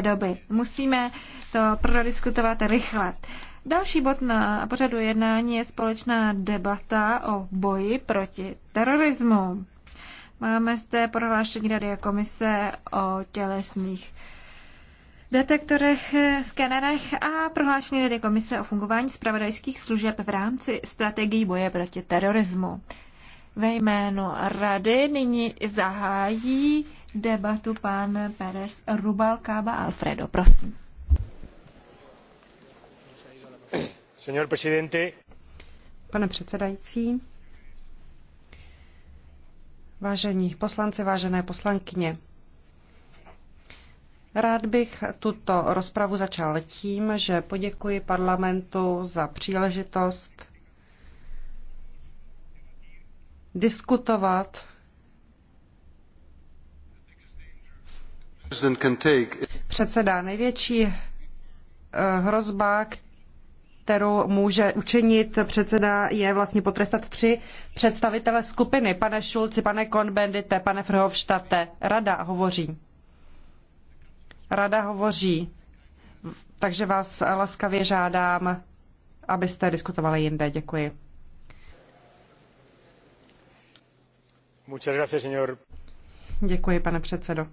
doby. Musíme to prodiskutovat rychle. Další bod na pořadu jednání je společná debata o boji proti terorismu. Máme zde prohlášení Rady a komise o tělesných detektorech, skenerech a prohlášení Rady komise o fungování zpravodajských služeb v rámci strategií boje proti terorismu. Ve jménu Rady nyní zahájí debatu pan Pérez Rubalcaba Alfredo. Prosím. Señor presidente. Pane předsedající, vážení poslanci, vážené poslankyně, Rád bych tuto rozpravu začal tím, že poděkuji parlamentu za příležitost diskutovat Předseda, největší eh, hrozba, kterou může učinit předseda, je vlastně potrestat tři představitele skupiny. Pane Šulci, pane Konbendite, pane Frhovštate. Rada hovoří. Rada hovoří. Takže vás laskavě žádám, abyste diskutovali jinde. Děkuji. Děkuji, pane předsedo.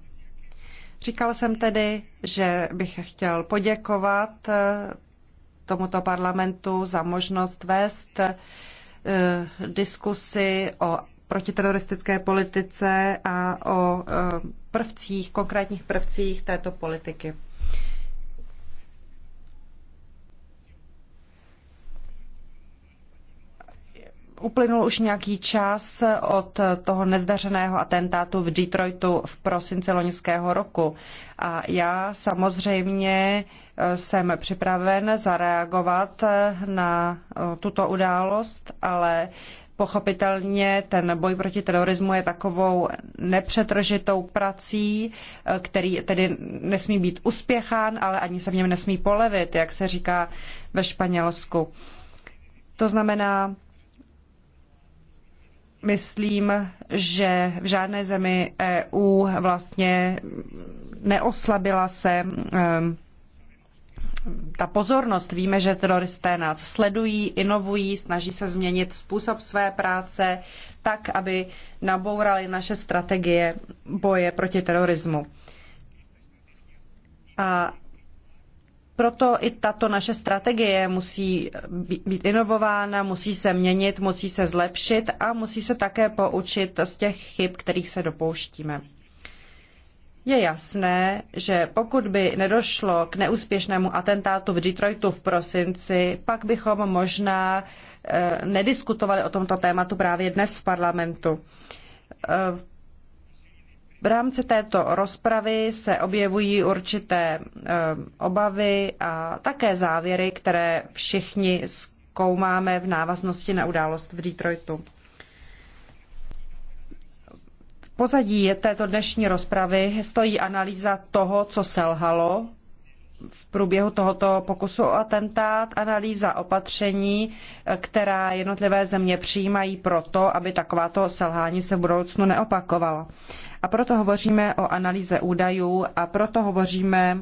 Říkal jsem tedy, že bych chtěl poděkovat eh, tomuto parlamentu za možnost vést eh, diskusy o protiteroristické politice a o eh, prvcích, konkrétních prvcích této politiky. uplynul už nějaký čas od toho nezdařeného atentátu v Detroitu v prosinci loňského roku. A já samozřejmě eh, jsem připraven zareagovat eh, na eh, tuto událost, ale pochopitelně ten boj proti terorismu je takovou nepřetržitou prací, který tedy nesmí být uspěchán, ale ani se v něm nesmí polevit, jak se říká ve Španělsku. To znamená, myslím, že v žádné zemi EU vlastně neoslabila se ehm, ta pozornost. Víme, že teroristé nás sledují, inovují, snaží se změnit způsob své práce tak, aby nabourali naše strategie boje proti terorismu. A proto i tato naše strategie musí být inovována, musí se měnit, musí se zlepšit a musí se také poučit z těch chyb, kterých se dopouštíme. Je jasné, že pokud by nedošlo k neúspěšnému atentátu v Detroitu v prosinci, pak bychom možná eh, nediskutovali o tomto tématu právě dnes v parlamentu eh, v rámci této rozpravy se objevují určité eh, obavy a také závěry, které všichni zkoumáme v návaznosti na událost v Detroitu. V pozadí této dnešní rozpravy stojí analýza toho, co selhalo v průběhu tohoto pokusu o atentát, analýza opatření, která jednotlivé země přijímají proto, aby takováto selhání se v budoucnu neopakovala. A proto hovoříme o analýze údajů a proto hovoříme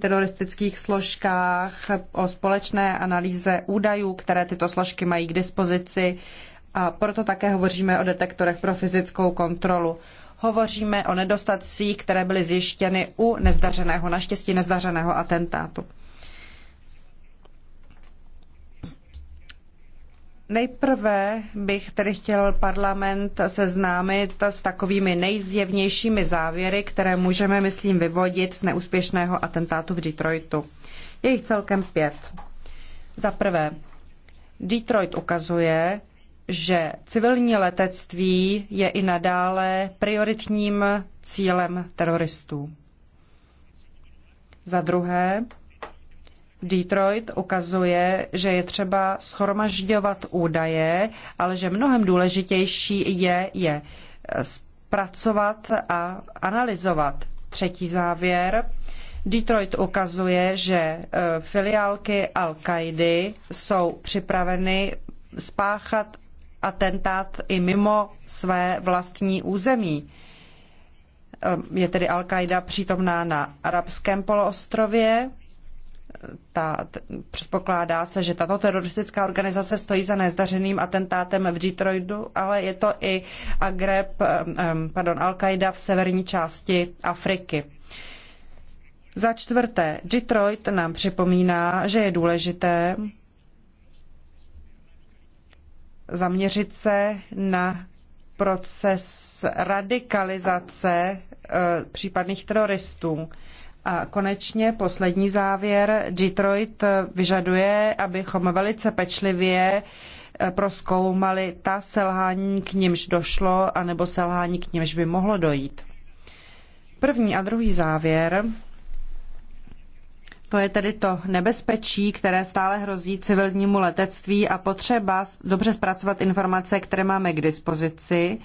teroristických složkách, o společné analýze údajů, které tyto složky mají k dispozici. A proto také hovoříme o detektorech pro fyzickou kontrolu. Hovoříme o nedostatcích, které byly zjištěny u nezdařeného, naštěstí nezdařeného atentátu. Nejprve bych tedy chtěl parlament seznámit s takovými nejzjevnějšími závěry, které můžeme, myslím, vyvodit z neúspěšného atentátu v Detroitu. Je jich celkem pět. Za prvé, Detroit ukazuje, že civilní letectví je i nadále prioritním cílem teroristů. Za druhé, Detroit ukazuje, že je třeba schromažďovat údaje, ale že mnohem důležitější je je eh, zpracovat a analyzovat. Třetí závěr. Detroit ukazuje, že eh, filiálky al qaidi jsou připraveny spáchat atentát i mimo své vlastní území. Eh, je tedy Al-Qaida přítomná na arabském poloostrově, ta, předpokládá se, že tato teroristická organizace stojí za nezdařeným atentátem v Detroitu, ale je to i Agreb, pardon, Al-Qaida v severní části Afriky. Za čtvrté, Detroit nám připomíná, že je důležité zaměřit se na proces radikalizace eh, případných teroristů. A konečně poslední závěr. Detroit vyžaduje, abychom velice pečlivě eh, proskoumali ta selhání, k nimž došlo, anebo selhání, k nimž by mohlo dojít. První a druhý závěr. To je tedy to nebezpečí, které stále hrozí civilnímu letectví a potřeba dobře zpracovat informace, které máme k dispozici,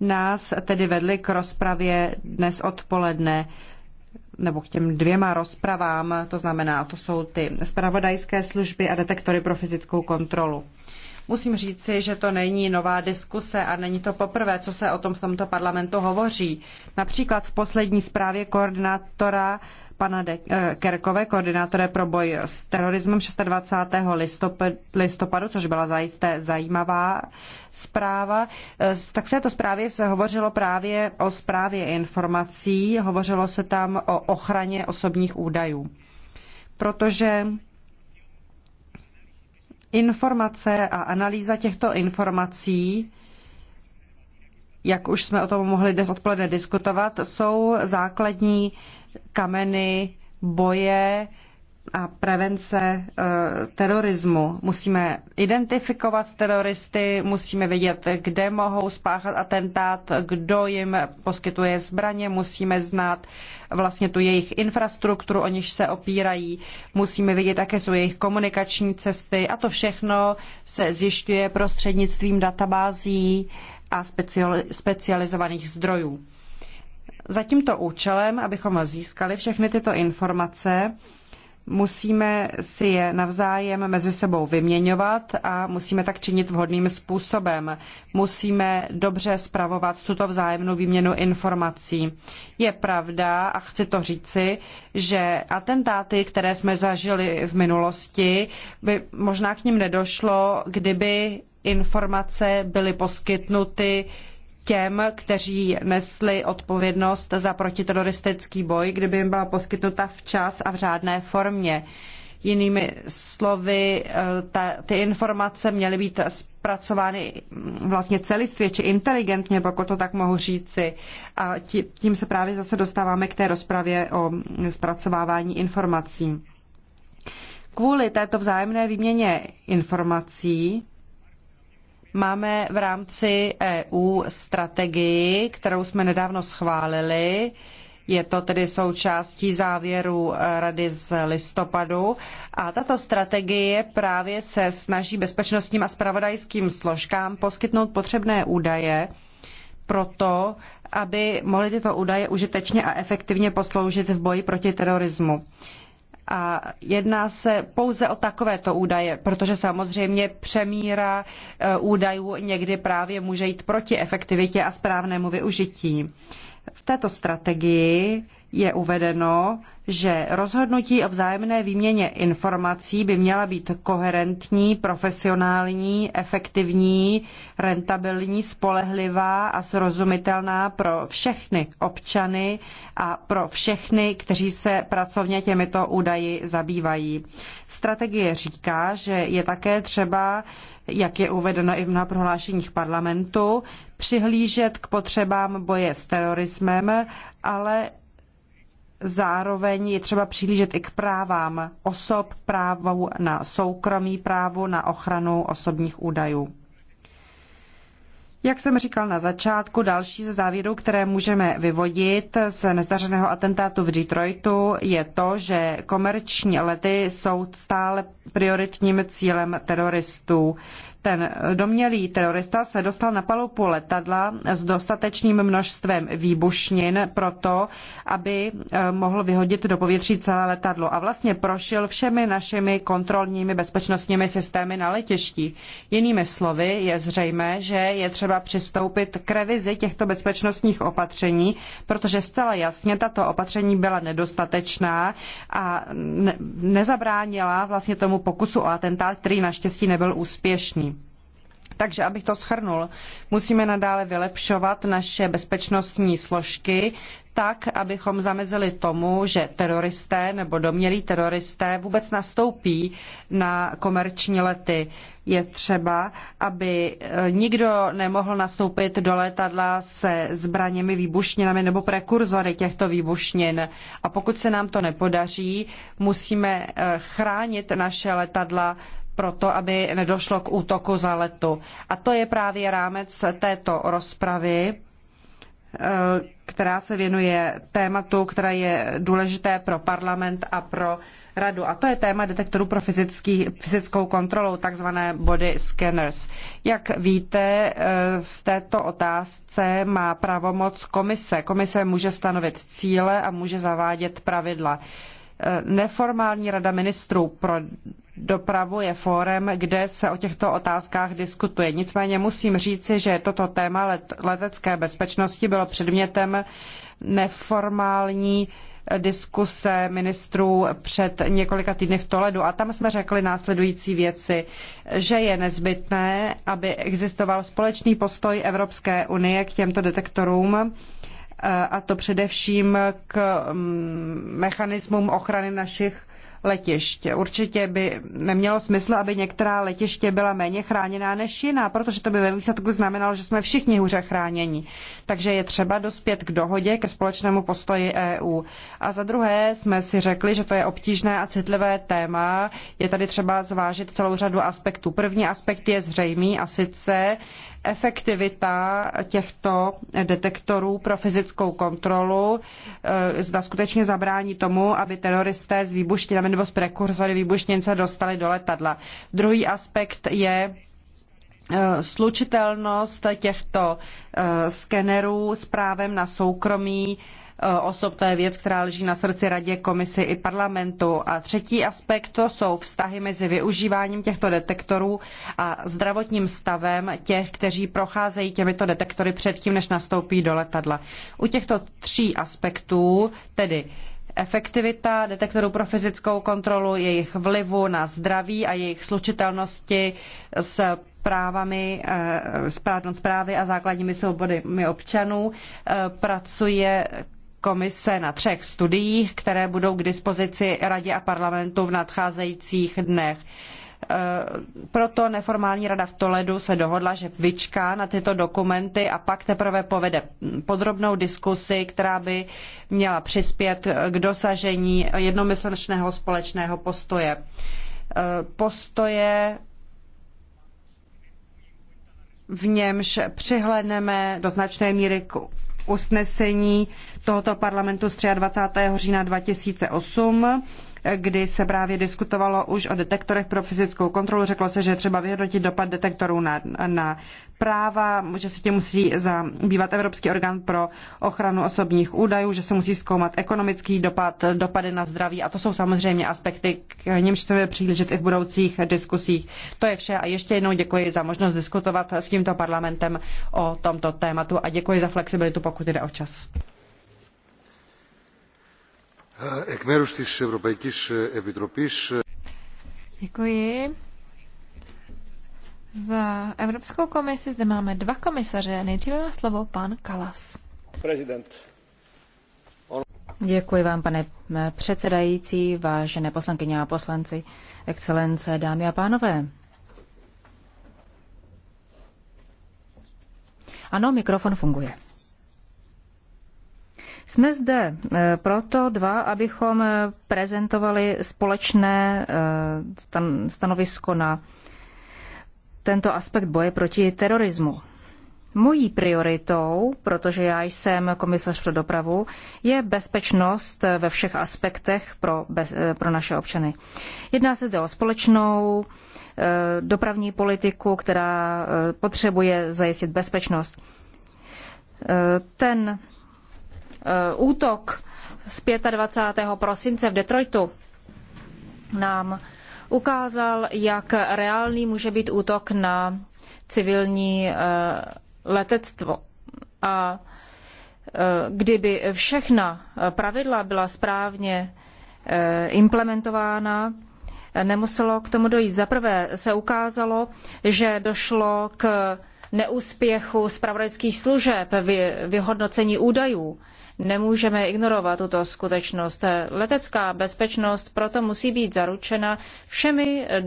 nás tedy vedly k rozpravě dnes odpoledne nebo k těm dvěma rozpravám, to znamená, to jsou ty spravodajské služby a detektory pro fyzickou kontrolu. Musím říci, že to není nová diskuse a není to poprvé, co se o tom v tomto parlamentu hovoří. Například v poslední zprávě koordinátora pana De- eh, Kerkové, koordinátora pro boj s terorismem 26. listopadu, což byla zajisté zajímavá zpráva. Eh, tak v této zprávě se hovořilo právě o zprávě informací, hovořilo se tam o ochraně osobních údajů. Protože informace a analýza těchto informací, jak už jsme o tom mohli dnes odpoledne diskutovat, jsou základní kameny boje a prevence eh, terorismu. Musíme identifikovat teroristy, musíme vědět, kde mohou spáchat atentát, kdo jim poskytuje zbraně, musíme znát vlastně tu jejich infrastrukturu, o níž se opírají, musíme vědět, jaké jsou jejich komunikační cesty a to všechno se zjišťuje prostřednictvím databází a specializovaných zdrojů. Za tímto účelem, abychom získali všechny tyto informace, Musíme si je navzájem mezi sebou vyměňovat a musíme tak činit vhodným způsobem. Musíme dobře spravovat tuto vzájemnou výměnu informací. Je pravda, a chci to říci, že atentáty, které jsme zažili v minulosti, by možná k ním nedošlo, kdyby informace byly poskytnuty těm, kteří nesli odpovědnost za protiteroristický boj, kdyby jim byla poskytnuta včas a v řádné formě. Jinými slovy, eh, ta, ty informace měly být zpracovány mm, vlastně celistvě či inteligentně, pokud to tak mohu říci. A tím se právě zase dostáváme k té rozpravě o mm, zpracovávání informací. Kvůli této vzájemné výměně informací Máme v rámci EU strategii, kterou jsme nedávno schválili. Je to tedy součástí závěru eh, Rady z listopadu. A tato strategie právě se snaží bezpečnostním a spravodajským složkám poskytnout potřebné údaje pro to, aby mohly tyto údaje užitečně a efektivně posloužit v boji proti terorismu. A jedná se pouze o takovéto údaje, protože samozřejmě přemíra eh, údajů někdy právě může jít proti efektivitě a správnému využití. V této strategii je uvedeno, že rozhodnutí o vzájemné výměně informací by měla být koherentní, profesionální, efektivní, rentabilní, spolehlivá a srozumitelná pro všechny občany a pro všechny, kteří se pracovně těmito údaji zabývají. Strategie říká, že je také třeba jak je uvedeno i v mnoha prohlášeních parlamentu, přihlížet k potřebám boje s terorismem, ale Zároveň je třeba přihlížet i k právám osob, právu na soukromí, právu na ochranu osobních údajů. Jak jsem říkal na začátku, další ze závěrů, které můžeme vyvodit z nezdařeného atentátu v Detroitu, je to, že komerční lety jsou stále prioritním cílem teroristů ten domělý terorista se dostal na palubu letadla s dostatečným množstvem výbušnin pro to, aby eh, mohl vyhodit do povětří celé letadlo a vlastně prošel všemi našimi kontrolními bezpečnostními systémy na letišti. Jinými slovy je zřejmé, že je třeba přistoupit k revizi těchto bezpečnostních opatření, protože zcela jasně tato opatření byla nedostatečná a nezabránila vlastně tomu pokusu o atentát, který naštěstí nebyl úspěšný. Takže abych to schrnul, musíme nadále vylepšovat naše bezpečnostní složky tak, abychom zamezili tomu, že teroristé nebo domělí teroristé vůbec nastoupí na komerční lety. Je třeba, aby e, nikdo nemohl nastoupit do letadla se zbraněmi, výbušninami nebo prekurzory těchto výbušnin. A pokud se nám to nepodaří, musíme e, chránit naše letadla proto, aby nedošlo k útoku za letu. A to je právě rámec této rozpravy, eh, která se věnuje tématu, které je důležité pro parlament a pro radu. A to je téma detektorů pro fyzický, fyzickou kontrolu, takzvané body scanners. Jak víte, eh, v této otázce má pravomoc komise. Komise může stanovit cíle a může zavádět pravidla. Eh, neformální rada ministrů pro dopravu je fórem, kde se o těchto otázkách diskutuje. Nicméně musím říci, že toto téma let, letecké bezpečnosti bylo předmětem neformální diskuse ministrů před několika týdny v Toledu a tam jsme řekli následující věci, že je nezbytné, aby existoval společný postoj Evropské unie k těmto detektorům, a to především k mm, mechanismům ochrany našich letišť. Určitě by nemělo smysl, aby některá letiště byla méně chráněná než jiná, protože to by ve výsledku znamenalo, že jsme všichni hůře chráněni. Takže je třeba dospět k dohodě, ke společnému postoji EU. A za druhé jsme si řekli, že to je obtížné a citlivé téma. Je tady třeba zvážit celou řadu aspektů. První aspekt je zřejmý a sice, efektivita těchto detektorů pro fyzickou kontrolu, eh, zda skutečně zabrání tomu, aby teroristé s výbuštinami nebo s prekurzory výbušnince dostali do letadla. Druhý aspekt je eh, slučitelnost těchto eh, skenerů s právem na soukromí Eh, osob, to je věc, která leží na srdci radě, komisi i parlamentu. A třetí aspekt to jsou vztahy mezi využíváním těchto detektorů a zdravotním stavem těch, kteří procházejí těmito detektory předtím, než nastoupí do letadla. U těchto tří aspektů, tedy efektivita detektorů pro fyzickou kontrolu, jejich vlivu na zdraví a jejich slučitelnosti s právami, eh, s právy a základními svobodami občanů. Eh, pracuje komise na třech studiích, které budou k dispozici radě a parlamentu v nadcházejících dnech. E, proto neformální rada v Toledu se dohodla, že vyčká na tyto dokumenty a pak teprve povede podrobnou diskusi, která by měla přispět k dosažení jednomyslného společného postoje. E, postoje v němž přihlédneme do značné míry k usnesení tohoto parlamentu z 23. října 2008 kdy se právě diskutovalo už o detektorech pro fyzickou kontrolu. Řeklo se, že třeba vyhodnotit dopad detektorů na, na práva, že se tím musí zabývat Evropský orgán pro ochranu osobních údajů, že se musí zkoumat ekonomický dopad, dopady na zdraví a to jsou samozřejmě aspekty, k němž chceme přihlížet i v budoucích diskusích. To je vše a ještě jednou děkuji za možnost diskutovat s tímto parlamentem o tomto tématu a děkuji za flexibilitu, pokud jde o čas. Děkuji. Za Evropskou komisi zde máme dva komisaře. Nejdříve má slovo pan Kalas. Prezident. Děkuji vám, pane eh, předsedající, vážené poslankyně a poslanci, excelence, dámy a pánové. Ano, mikrofon funguje. Jsme zde eh, proto dva, abychom eh, prezentovali společné eh, stanovisko na tento aspekt boje proti terorismu. Mojí prioritou, protože já jsem komisař pro dopravu, je bezpečnost ve všech aspektech pro, bez, pro naše občany. Jedná se zde o společnou dopravní politiku, která potřebuje zajistit bezpečnost. Ten Eh, útok z 25. prosince v Detroitu nám ukázal, jak reálný může být útok na civilní eh, letectvo. A eh, kdyby všechna pravidla byla správně implementována, nemuselo k tomu dojít. Za prvé se ukázalo, že došlo k neúspěchu zpravodajských služeb v vyhodnocení údajů. Nemůžeme ignorovat tuto skutečnost. Letecká bezpečnost proto musí být zaručena všemi eh,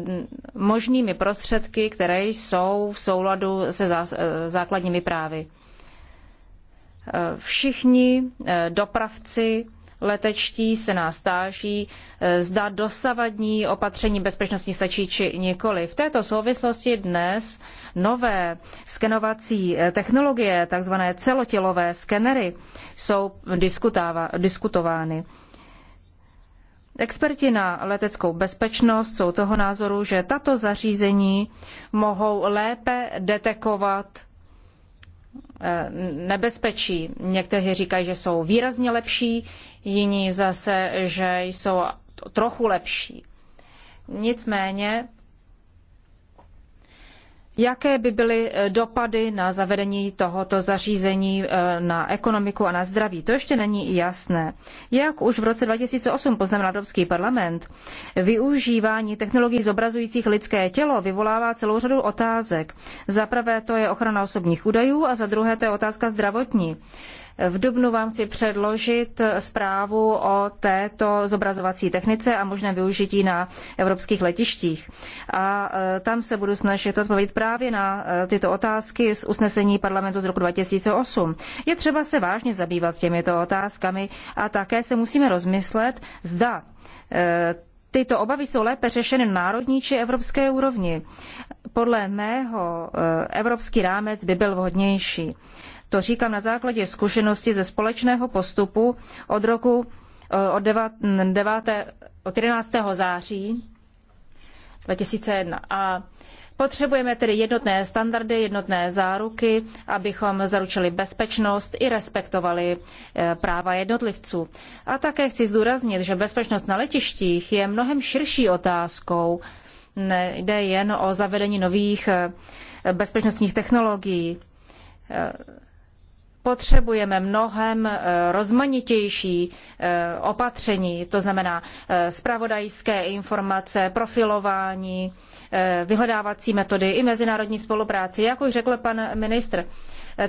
možnými prostředky, které jsou v souladu se eh, základními právy. Eh, všichni dopravci letečtí se nás táží, eh, zda dosavadní opatření bezpečnosti stačí či nikoli. V této souvislosti dnes nové skenovací eh, technologie, takzvané celotělové skenery, jsou diskutovány. Experti na leteckou bezpečnost jsou toho názoru, že tato zařízení mohou lépe detekovat Eh, nebezpečí. Někteří říkají, že jsou výrazně lepší, jiní zase, že jsou trochu lepší. Nicméně Jaké by byly eh, dopady na zavedení tohoto zařízení eh, na ekonomiku a na zdraví? To ještě není jasné. Jak už v roce 2008 poznamenal Evropský parlament, využívání technologií zobrazujících lidské tělo vyvolává celou řadu otázek. Za prvé to je ochrana osobních údajů a za druhé to je otázka zdravotní. V dubnu vám chci předložit zprávu o této zobrazovací technice a možném využití na evropských letištích. A e, tam se budu snažit odpovědět právě na e, tyto otázky z usnesení parlamentu z roku 2008. Je třeba se vážně zabývat těmito otázkami a také se musíme rozmyslet, zda e, Tyto obavy jsou lépe řešeny na národní či evropské úrovni. Podle mého evropský rámec by byl vhodnější. To říkám na základě zkušenosti ze společného postupu od roku eh, od, 9, 9, od 11. září 2001. A potřebujeme tedy jednotné standardy, jednotné záruky, abychom zaručili bezpečnost i respektovali eh, práva jednotlivců. A také chci zdůraznit, že bezpečnost na letištích je mnohem širší otázkou. Jde jen o zavedení nových eh, bezpečnostních technologií potřebujeme mnohem eh, rozmanitější eh, opatření, to znamená eh, spravodajské informace, profilování, vyhledávací metody i mezinárodní spolupráci. Jak už řekl pan ministr,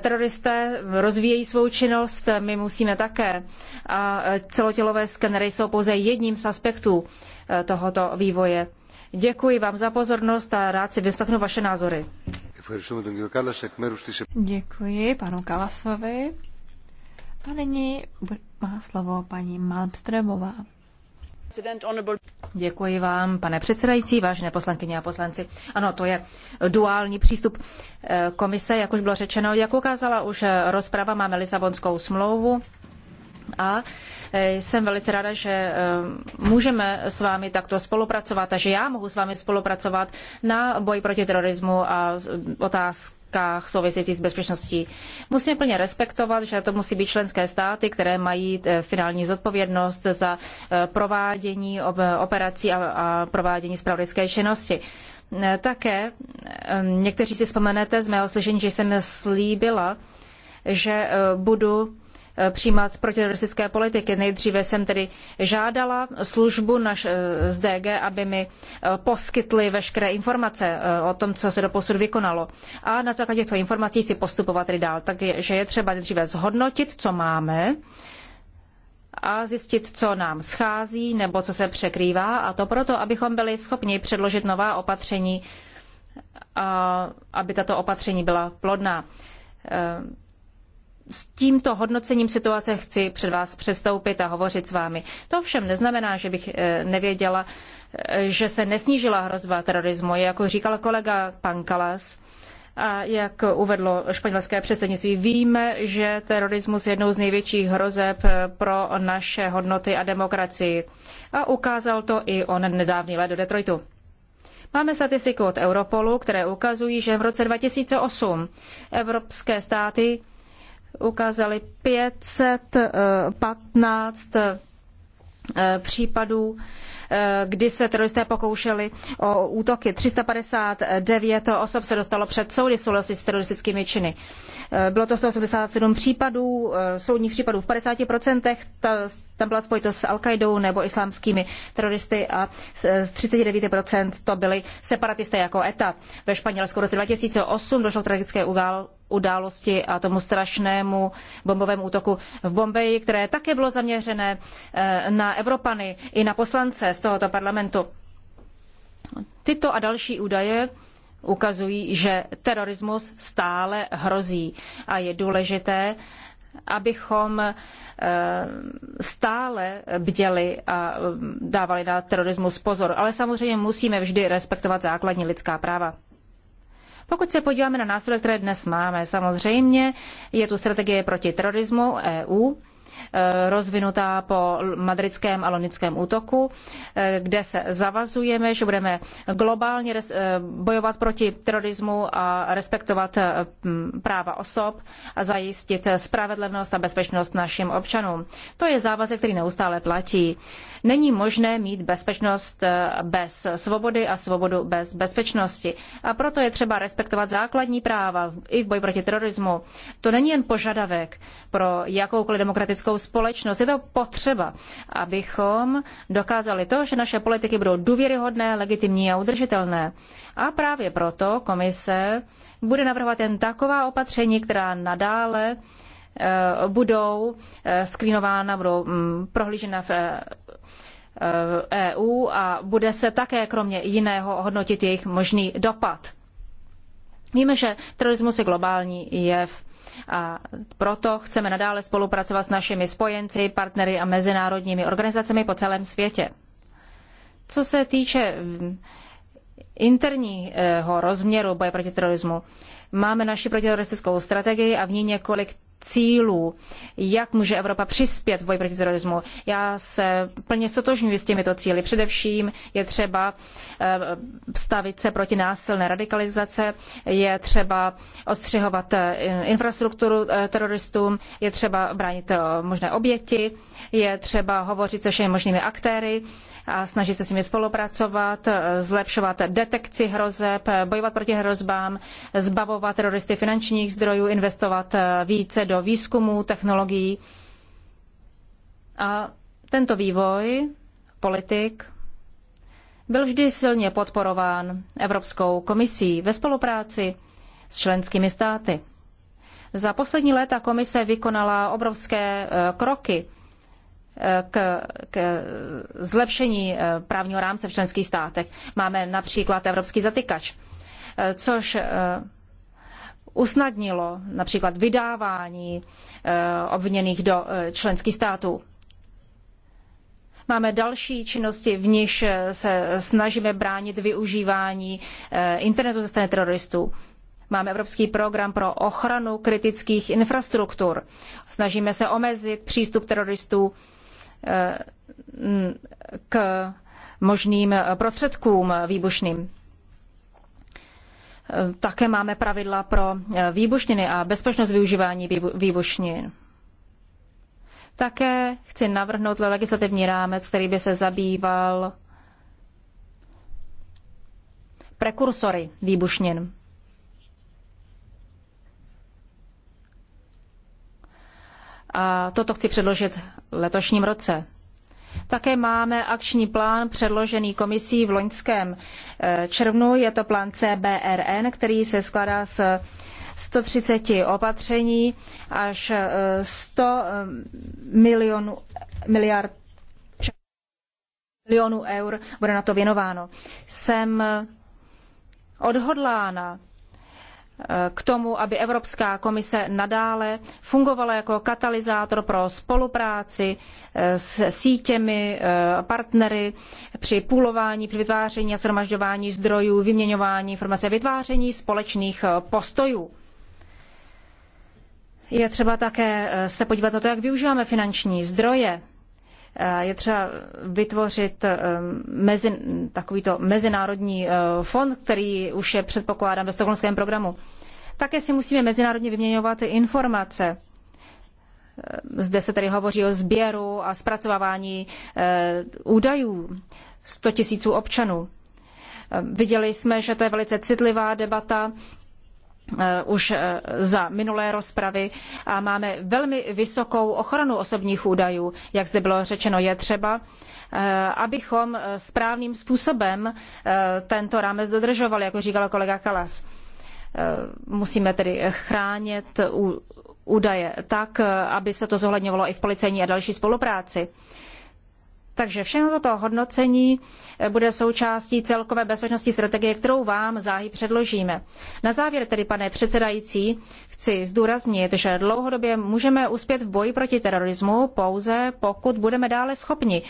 teroristé rozvíjejí svou činnost, my musíme také. A celotělové skenery jsou pouze jedním z aspektů tohoto vývoje. Děkuji vám za pozornost a rád si vyslechnu vaše názory. Děkuji panu Kalasovi. A nyní má slovo paní Malmströmová. Děkuji vám, pane předsedající, vážené poslankyně a poslanci. Ano, to je duální přístup eh, komise, jak už bylo řečeno, jak ukázala už eh, rozprava, máme Lisabonskou smlouvu a e, jsem velice ráda, že e, můžeme s vámi takto spolupracovat a že já mohu s vámi spolupracovat na boji proti terorismu a otázkách souvisejících s bezpečností. Musíme plně respektovat, že to musí být členské státy, které mají e, finální zodpovědnost za provádění operací a provádění spravodajské činnosti. Také někteří si vzpomenete z mého slyšení, že jsem slíbila, že budu Eh, přijímat protiteroristické politiky. Nejdříve jsem tedy žádala službu naš, eh, z DG, aby mi eh, poskytli veškeré informace o tom, co se doposud vykonalo. A na základě těchto informací si postupovat tedy dál. Takže je třeba nejdříve zhodnotit, co máme, a zjistit, co nám schází nebo co se překrývá, a to proto, abychom byli schopni předložit nová opatření, a aby tato opatření byla plodná s tímto hodnocením situace chci před vás přestoupit a hovořit s vámi. To všem neznamená, že bych eh, nevěděla, eh, že se nesnížila hrozba terorismu, jako říkal kolega pan A jak uvedlo španělské předsednictví, víme, že terorismus je jednou z největších hrozeb eh, pro naše hodnoty a demokracii. A ukázal to i on nedávný let do Detroitu. Máme statistiku od Europolu, které ukazují, že v roce 2008 evropské státy ukázali 515 eh, eh, případů, eh, kdy se teroristé pokoušeli o útoky. 359 osob se dostalo před soudy v souvislosti s teroristickými činy. Bylo to 187 případů, soudních případů v 50%, tam byla spojitost s Al-Qaidou nebo islámskými teroristy a z 39% to byli separatisté jako ETA. Ve Španělsku v roce 2008 došlo k tragické události a tomu strašnému bombovému útoku v Bombeji, které také bylo zaměřené eh, na Evropany i na poslance z tohoto parlamentu. Tyto a další údaje ukazují, že terorismus stále hrozí a je důležité, abychom eh, stále bděli a eh, dávali na terorismus pozor. Ale samozřejmě musíme vždy respektovat základní lidská práva. Pokud se podíváme na nástroje, které dnes máme, samozřejmě je tu strategie proti terorismu EU, Eh, rozvinutá po madridském a londýnském útoku, eh, kde se zavazujeme, že budeme globálně eh, bojovat proti terorismu a respektovat práva osob a zajistit spravedlnost a bezpečnost našim občanům. To je závazek, který neustále platí. Není možné mít bezpečnost bez svobody a svobodu bez bezpečnosti. A proto je třeba respektovat základní práva i v boji proti terorismu. To není jen požadavek pro jakoukoliv demokratickou občanskou společnost. Je to potřeba, abychom dokázali to, že naše politiky budou důvěryhodné, legitimní a udržitelné. A právě proto komise bude navrhovat jen taková opatření, která nadále eh, budou eh, skrýnována, budou mm, prohlížena v EU eh, e a bude se také kromě jiného hodnotit jejich možný dopad. Víme, že terorismus je globální jev a proto chceme nadále spolupracovat s našimi spojenci, partnery a mezinárodními organizacemi po celém světě. Co se týče mm, interního rozměru boje proti terorismu, máme naši protiteroristickou strategii a v ní několik cílů, jak může Evropa přispět v boji proti terorismu. Já se plně stotožňuji s těmito cíli. Především je třeba eh, stavit se proti násilné radikalizace, je třeba ostřihovat eh, infrastrukturu eh, teroristům, je třeba bránit možné oběti, je třeba hovořit se všemi možnými aktéry, a snažit se s nimi spolupracovat, e, zlepšovat detekci hrozeb, bojovat proti hrozbám, zbavovat teroristy finančních zdrojů, investovat e, více do výzkumu, technologií. A tento vývoj politik byl vždy silně podporován Evropskou komisí ve spolupráci s členskými státy. Za poslední léta komise vykonala obrovské e, kroky k, k zlepšení eh, právního rámce v členských státech. Máme například evropský zatykač, eh, což eh, usnadnilo například vydávání obviněných do členských států. Máme další činnosti, v nich se snažíme bránit využívání internetu ze strany teroristů. Máme evropský program pro ochranu kritických infrastruktur. Snažíme se omezit přístup teroristů Eh, k možným prostředkům výbušným. Eh, také máme pravidla pro eh, výbušniny a bezpečnost využívání výbušnin. Také chci navrhnout legislativní rámec, který by se zabýval prekursory výbušnin. a toto chci předložit v letošním roce. Také máme akční plán předložený komisí v loňském eh, červnu. Je to plán CBRN, který se skládá z 130 opatření až 100 eh, eh, milionů miliard milionů eur bude na to věnováno. Jsem odhodlána Eh, k tomu, aby Evropská komise nadále fungovala jako katalyzátor pro spolupráci eh, s sítěmi, eh, partnery při půlování, při vytváření a shromažďování zdrojů, vyměňování informací a vytváření společných postojů. Je třeba také se podívat na to, jak využíváme finanční zdroje Eh, je třeba vytvořit eh, mezi, takovýto mezinárodní eh, fond, který už je předpokládán ve stokholmském programu. Také si musíme mezinárodně vyměňovat informace. Zde se tedy hovoří o sběru a zpracovávání údajů 100 tisíců občanů. Viděli jsme, že to je velice citlivá debata Eh, už eh, za minulé rozpravy a máme velmi vysokou ochranu osobních údajů. Jak zde bylo řečeno, je třeba, eh, abychom správným způsobem tento rámec dodržovali, jako říkal kolega Kalas. Musíme tedy chránit údaje tak, aby se to zohledňovalo i v policejní a další spolupráci. Takže všechno toto hodnocení eh, bude součástí celkové bezpečnostní strategie, kterou vám záhy předložíme. Na závěr tedy, pane předsedající, chci zdůraznit, že dlouhodobě můžeme uspět v boji proti terorismu pouze, pokud budeme dále schopni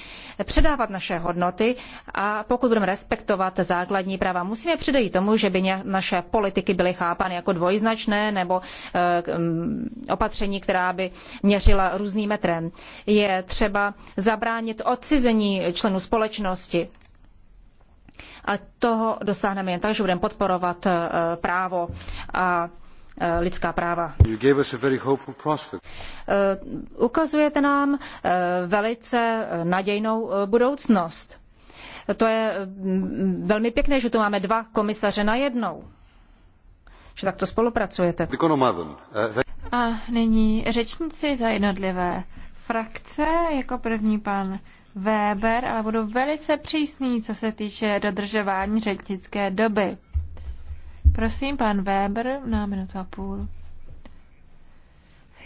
předávat naše hodnoty a pokud budeme respektovat základní práva. Musíme předejít tomu, že by naše politiky byly chápány jako dvojznačné nebo eh, mm, opatření, která by měřila různým metrem. Je třeba zabránit od odcizení členů společnosti. A toho dosáhneme jen tak, že budeme podporovat eh, právo a eh, lidská práva. Eh, ukazujete nám velice nadějnou budoucnost. To je mm, velmi pěkné, že tu máme dva komisaře na jednou. Že takto spolupracujete. A nyní řečníci za jednotlivé frakce, jako první pan Weber, ale budu velice přísný, co se týče dodržování řečnické doby. Prosím, pan Weber, na minutu a půl.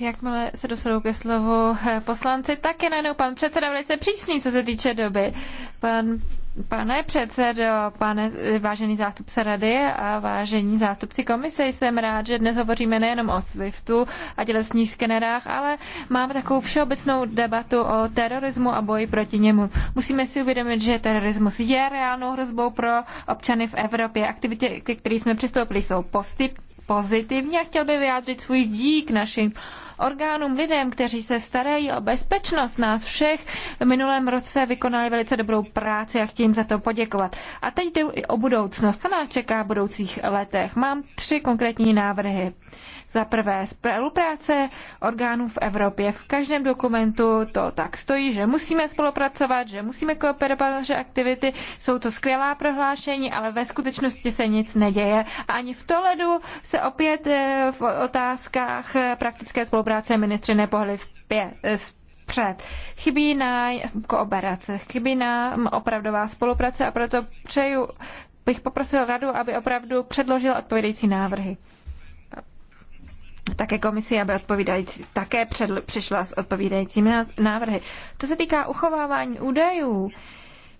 Jakmile se dostanou ke slovu eh, poslanci, tak je najednou pan předseda velice přísný, co se týče doby. Pan Pane předsedo, pane, vážený zástupce rady a vážení zástupci komise, jsem rád, že dnes hovoříme nejenom o SWIFTu a tělesních skenerách, ale máme takovou všeobecnou debatu o terorismu a boji proti němu. Musíme si uvědomit, že terorismus je reálnou hrozbou pro občany v Evropě. Aktivity, ke kterým jsme přistoupili, jsou pozitivní. pozitivně a chtěl bych vyjádřit svůj dík našim orgánům, lidem, kteří se starají o bezpečnost nás všech. V minulém roce vykonali velice dobrou práci a chtějím za to poděkovat. A teď jde o budoucnost. Co nás čeká v budoucích letech? Mám tři konkrétní návrhy. Za prvé, spolupráce orgánů v Evropě. V každém dokumentu to tak stojí, že musíme spolupracovat, že musíme kooperovat naše aktivity. Jsou to skvělá prohlášení, ale ve skutečnosti se nic neděje. A ani v Toledu se opět eh, v otázkách eh, praktické spolupráce ministři nepohli v eh, před. Chybí nám kooperace, chybí nám mm, opravdová spolupráce a proto přeju, bych poprosil radu, aby opravdu předložil odpovědející návrhy také komisi, aby odpovídající, také předl, přišla s odpovídajícími návrhy. To se týká uchovávání údajů.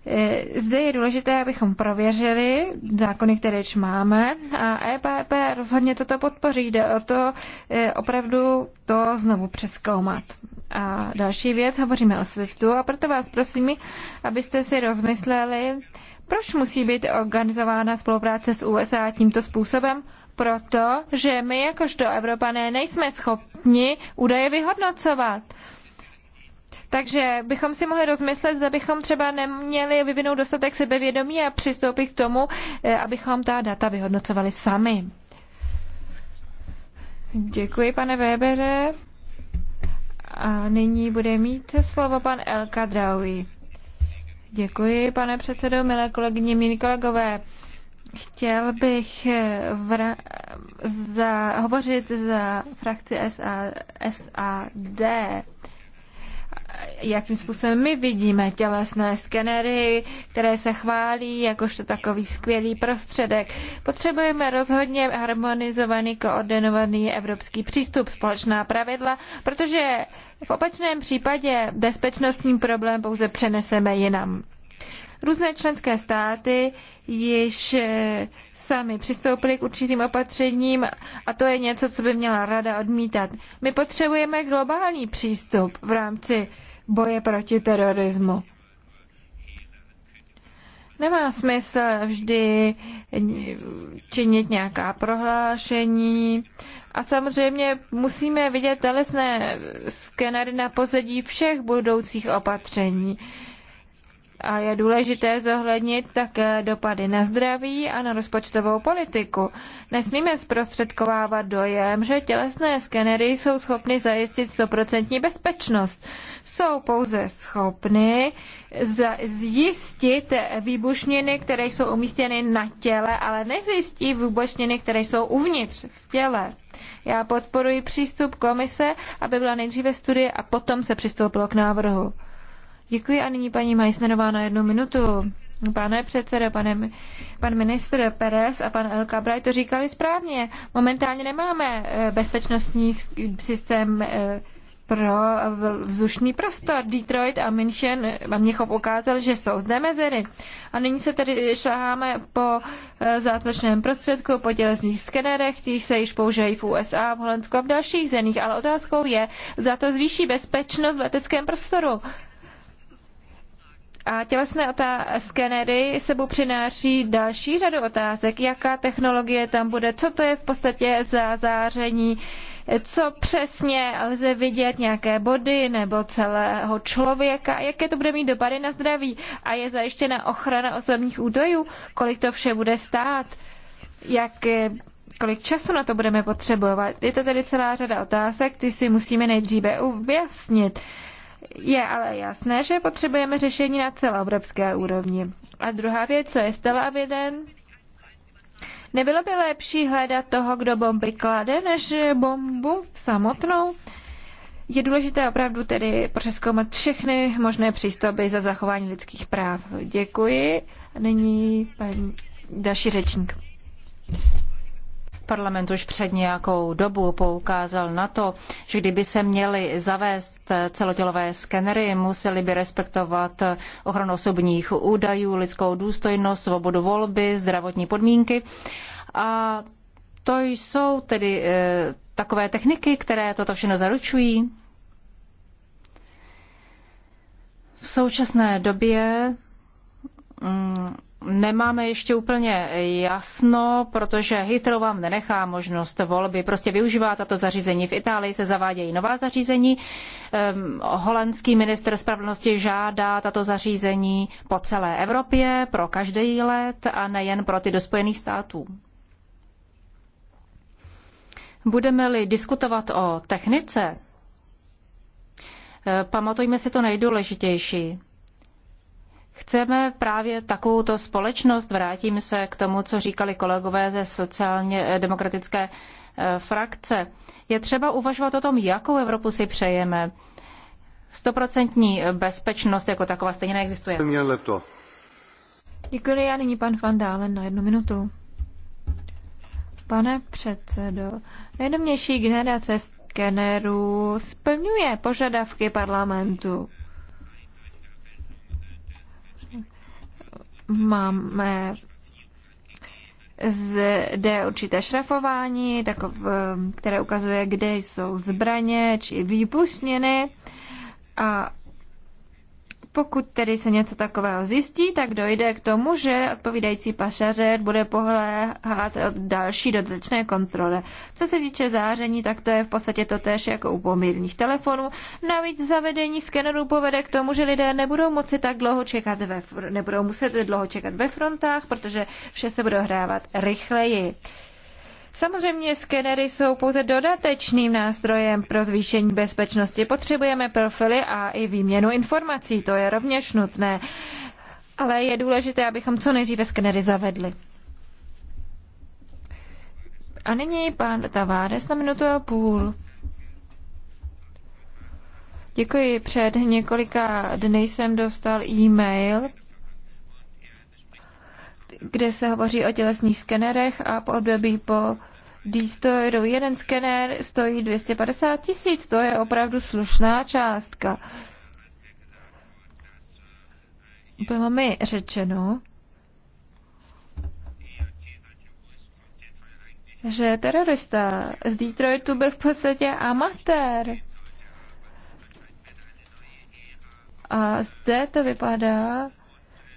Eh, zde je důležité, abychom prověřili zákony, které už máme a EPP rozhodně toto podpoří. Jde o to eh, opravdu to znovu přeskoumat. A další věc, hovoříme o SWIFTu a proto vás prosím, abyste si rozmysleli, proč musí být organizována spolupráce s USA tímto způsobem proto, že my jakožto Evropané nejsme schopni údaje vyhodnocovat. Takže bychom si mohli rozmyslet, zda bychom třeba neměli vyvinout dostatek sebevědomí a přistoupit k tomu, eh, abychom ta data vyhodnocovali sami. Děkuji, pane Webere. A nyní bude mít slovo pan Elka Draui. Děkuji, pane předsedo, milé kolegyně, milí kolegové. Chtěl bych eh, vra- za, hovořit za frakci SA, SAD, jakým způsobem my vidíme tělesné skenery, které se chválí jakožto takový skvělý prostředek. Potřebujeme rozhodně harmonizovaný, koordinovaný evropský přístup, společná pravidla, protože v opačném případě bezpečnostní problém pouze přeneseme jinam. Různé členské státy již eh, sami přistoupili k určitým opatřením a to je něco, co by měla rada odmítat. My potřebujeme globální přístup v rámci boje proti terorismu. Nemá smysl vždy činit nějaká prohlášení. A samozřejmě musíme vidět telesné skenery na pozadí všech budoucích opatření a je důležité zohlednit také dopady na zdraví a na rozpočtovou politiku. Nesmíme zprostředkovávat dojem, že tělesné skenery jsou schopny zajistit stoprocentní bezpečnost. Jsou pouze schopny zjistit výbušniny, které jsou umístěny na těle, ale nezjistí výbušniny, které jsou uvnitř v těle. Já podporuji přístup komise, aby byla nejdříve studie a potom se přistoupilo k návrhu. Děkuji a nyní paní Majsnerová na jednu minutu. Pane předsedo, pane, pan ministr Perez a pan El Cabraj to říkali správně. Momentálně nemáme eh, bezpečnostní systém eh, pro vzdušný prostor. Detroit a München eh, a Měchov ukázal, že jsou zde mezery. A nyní se tedy šaháme po zátlačném prostředku, po tělesných skenerech, kteří se již používají v USA, v Holandsku a v dalších zemích. Ale otázkou je, za to zvýší bezpečnost v leteckém prostoru. A tělesné otá- skenery sebou přináší další řadu otázek, jaká technologie tam bude, co to je v podstatě za záření, co přesně lze vidět, nějaké body nebo celého člověka, jaké to bude mít dopady na zdraví a je zajištěna ochrana osobních údajů, kolik to vše bude stát, jak kolik času na to budeme potřebovat. Je to tedy celá řada otázek, ty si musíme nejdříve objasnit. Je ale jasné, že potřebujeme řešení na celoevropské úrovni. A druhá věc, co je zcela aviden? nebylo by lepší hledat toho, kdo bomby klade, než bombu samotnou? Je důležité opravdu tedy přeskoumat všechny možné přístupy za zachování lidských práv. Děkuji. A nyní paní další řečník. Parlament už před nějakou dobu poukázal na to, že kdyby se měly zavést celotělové skenery, museli by respektovat ochranu osobních údajů, lidskou důstojnost, svobodu volby, zdravotní podmínky. A to jsou tedy eh, takové techniky, které toto všechno zaručují. V současné době mm, nemáme ještě úplně jasno, protože Heathrow vám nenechá možnost volby. Prostě využívá tato zařízení. V Itálii se zavádějí nová zařízení. Ehm, holandský minister spravedlnosti žádá tato zařízení po celé Evropě pro každý let a nejen pro ty do Spojených států. Budeme-li diskutovat o technice, eh, pamatujme si to nejdůležitější. Chceme právě takovouto společnost, vrátím se k tomu, co říkali kolegové ze sociálně eh, demokratické eh, frakce. Je třeba uvažovat o tom, jakou Evropu si přejeme. Stoprocentní eh, bezpečnost jako taková stejně neexistuje. Děkuji a nyní pan Van Dálen na jednu minutu. Pane předsedo, nejnomější generace skenerů splňuje požadavky parlamentu. Máme zde určité šrafování, takov, eh, které ukazuje, kde jsou zbraně či výpuštěny. A pokud tedy se něco takového zjistí, tak dojde k tomu, že odpovídající pašařer bude pohléhat další dodatečné kontrole. Co se týče záření, tak to je v podstatě to též jako u pomírných telefonů. Navíc zavedení skenerů povede k tomu, že lidé nebudou moci tak dlouho čekat ve, nebudou muset dlouho čekat ve frontách, protože vše se bude hrávat rychleji. Samozřejmě skenery jsou pouze dodatečným nástrojem pro zvýšení bezpečnosti. Potřebujeme profily a i výměnu informací, to je rovněž nutné. Ale je důležité, abychom co nejdříve skenery zavedli. A nyní pan Tavárez na minutu a půl. Děkuji. Před několika dny jsem dostal e-mail kde se hovoří o tělesných skenerech a po období po d Jeden skener stojí 250 tisíc, to je opravdu slušná částka. Bylo mi řečeno, že terorista z Detroitu byl v podstatě amatér. A zde to vypadá,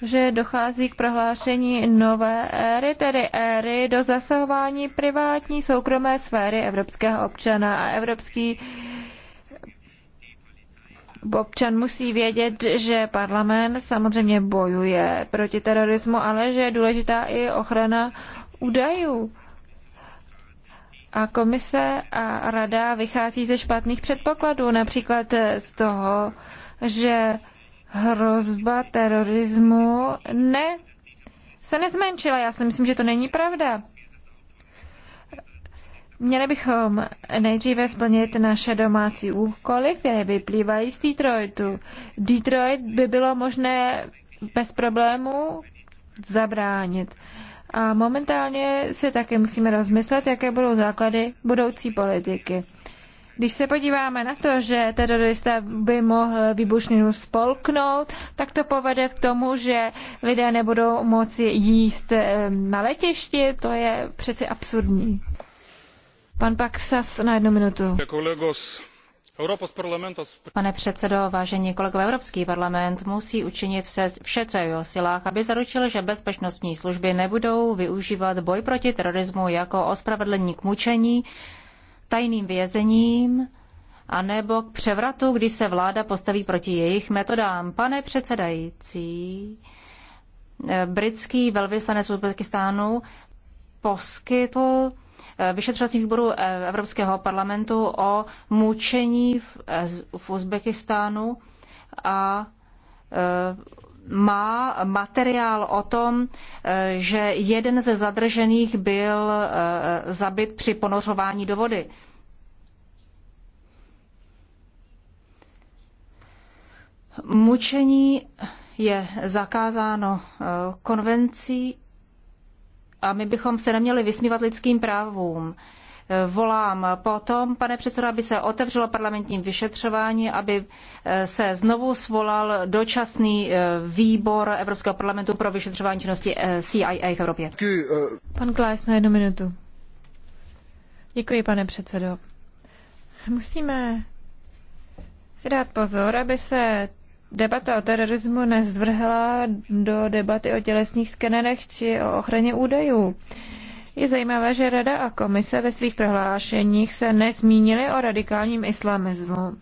že dochází k prohlášení nové éry, tedy éry do zasahování privátní soukromé sféry evropského občana a evropský občan musí vědět, že parlament samozřejmě bojuje proti terorismu, ale že je důležitá i ochrana údajů. A komise a rada vychází ze špatných předpokladů, například z toho, že hrozba terorismu ne, se nezmenšila. Já si myslím, že to není pravda. Měli bychom nejdříve splnit naše domácí úkoly, které vyplývají z Detroitu. Detroit by bylo možné bez problémů zabránit. A momentálně si také musíme rozmyslet, jaké budou základy budoucí politiky. Když se podíváme na to, že terorista by mohl výbušninu spolknout, tak to povede k tomu, že lidé nebudou moci jíst eh, na letišti. To je přeci absurdní. Pan Paksas na jednu minutu. Pane předsedo, vážení kolegové, Evropský parlament musí učinit vše, vše, co je v jeho silách, aby zaručil, že bezpečnostní služby nebudou využívat boj proti terorismu jako ospravedlení k mučení tajným vězením nebo k převratu, kdy se vláda postaví proti jejich metodám. Pane předsedající, eh, britský velvyslanec Uzbekistánu poskytl eh, vyšetřovacím výboru eh, Evropského parlamentu o mučení v Uzbekistánu a má materiál o tom, eh, že jeden ze zadržených byl eh, zabit při ponořování do vody. Mučení je zakázáno eh, konvencí a my bychom se neměli vysmívat lidským právům volám potom, pane předsedo, aby se otevřelo parlamentní vyšetřování, aby eh, se znovu svolal dočasný eh, výbor Evropského parlamentu pro vyšetřování činnosti eh, CIA v Evropě. Pan Klás na jednu minutu. Děkuji, pane předsedo. Musíme si dát pozor, aby se debata o terorismu nezvrhla do debaty o tělesných skenerech či o ochraně údajů. Je zajímavé, že Rada a Komise ve svých prohlášeních se nezmínily o radikálním islamismu.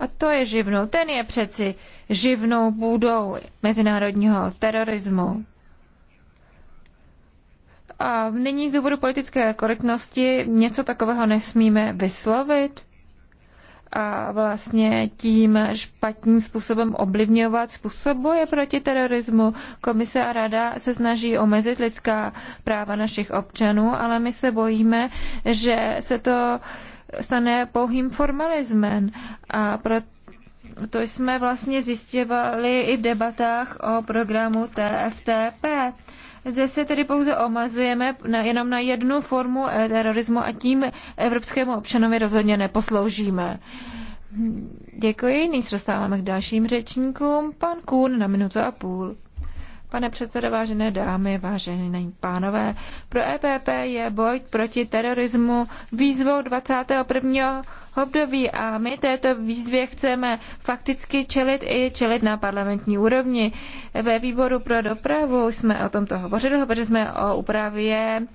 A to je živnou. Ten je přeci živnou půdou mezinárodního terorismu. A nyní z důvodu politické korektnosti něco takového nesmíme vyslovit a vlastně tím špatným způsobem ovlivňovat způsobuje proti terorismu. Komise a rada se snaží omezit lidská práva našich občanů, ale my se bojíme, že se to stane pouhým formalismem a proto to jsme vlastně zjistěvali i v debatách o programu TFTP. Zde se tedy pouze omazujeme na, jenom na jednu formu eh, terorismu a tím evropskému občanovi rozhodně neposloužíme. Děkuji, nyní se dostáváme k dalším řečníkům. Pan Kůn na minutu a půl. Pane předsedo, vážené dámy, vážení pánové, pro EPP je boj proti terorismu výzvou 21. období a my této výzvě chceme fakticky čelit i čelit na parlamentní úrovni. Ve výboru pro dopravu jsme o tomto hovořili, hovořili jsme o úpravě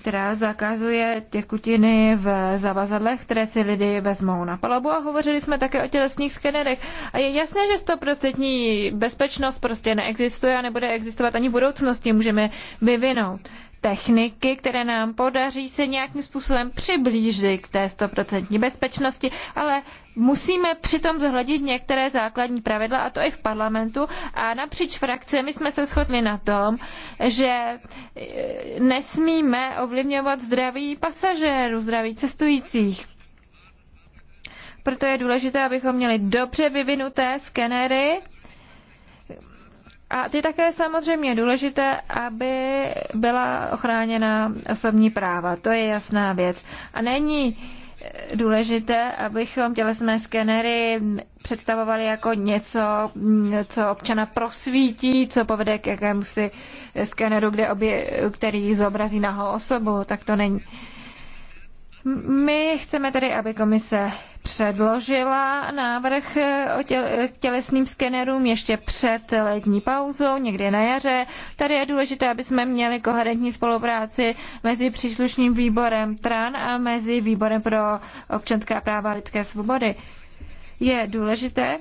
která zakazuje těkutiny v zavazadlech, které si lidi vezmou na palobu a hovořili jsme také o tělesných skenerech. A je jasné, že stoprocentní bezpečnost prostě neexistuje a nebude existovat ani v budoucnosti, můžeme vyvinout techniky, které nám podaří se nějakým způsobem přiblížit k té stoprocentní bezpečnosti, ale musíme přitom zohlednit některé základní pravidla, a to i v parlamentu. A napříč frakcemi jsme se shodli na tom, že e, nesmíme ovlivňovat zdraví pasažérů, zdraví cestujících. Proto je důležité, abychom měli dobře vyvinuté skenery, a ty také samozřejmě důležité, aby byla ochráněna osobní práva. To je jasná věc. A není eh, důležité, abychom tělesné skenery představovali jako něco, co občana prosvítí, co povede k si skeneru, kde obě, který zobrazí naho osobu, tak to není. My chceme tedy, aby komise předložila návrh k tělesným skenerům ještě před letní pauzou, někdy na jaře. Tady je důležité, aby jsme měli koherentní spolupráci mezi příslušným výborem TRAN a mezi výborem pro občanská práva a lidské svobody. Je důležité,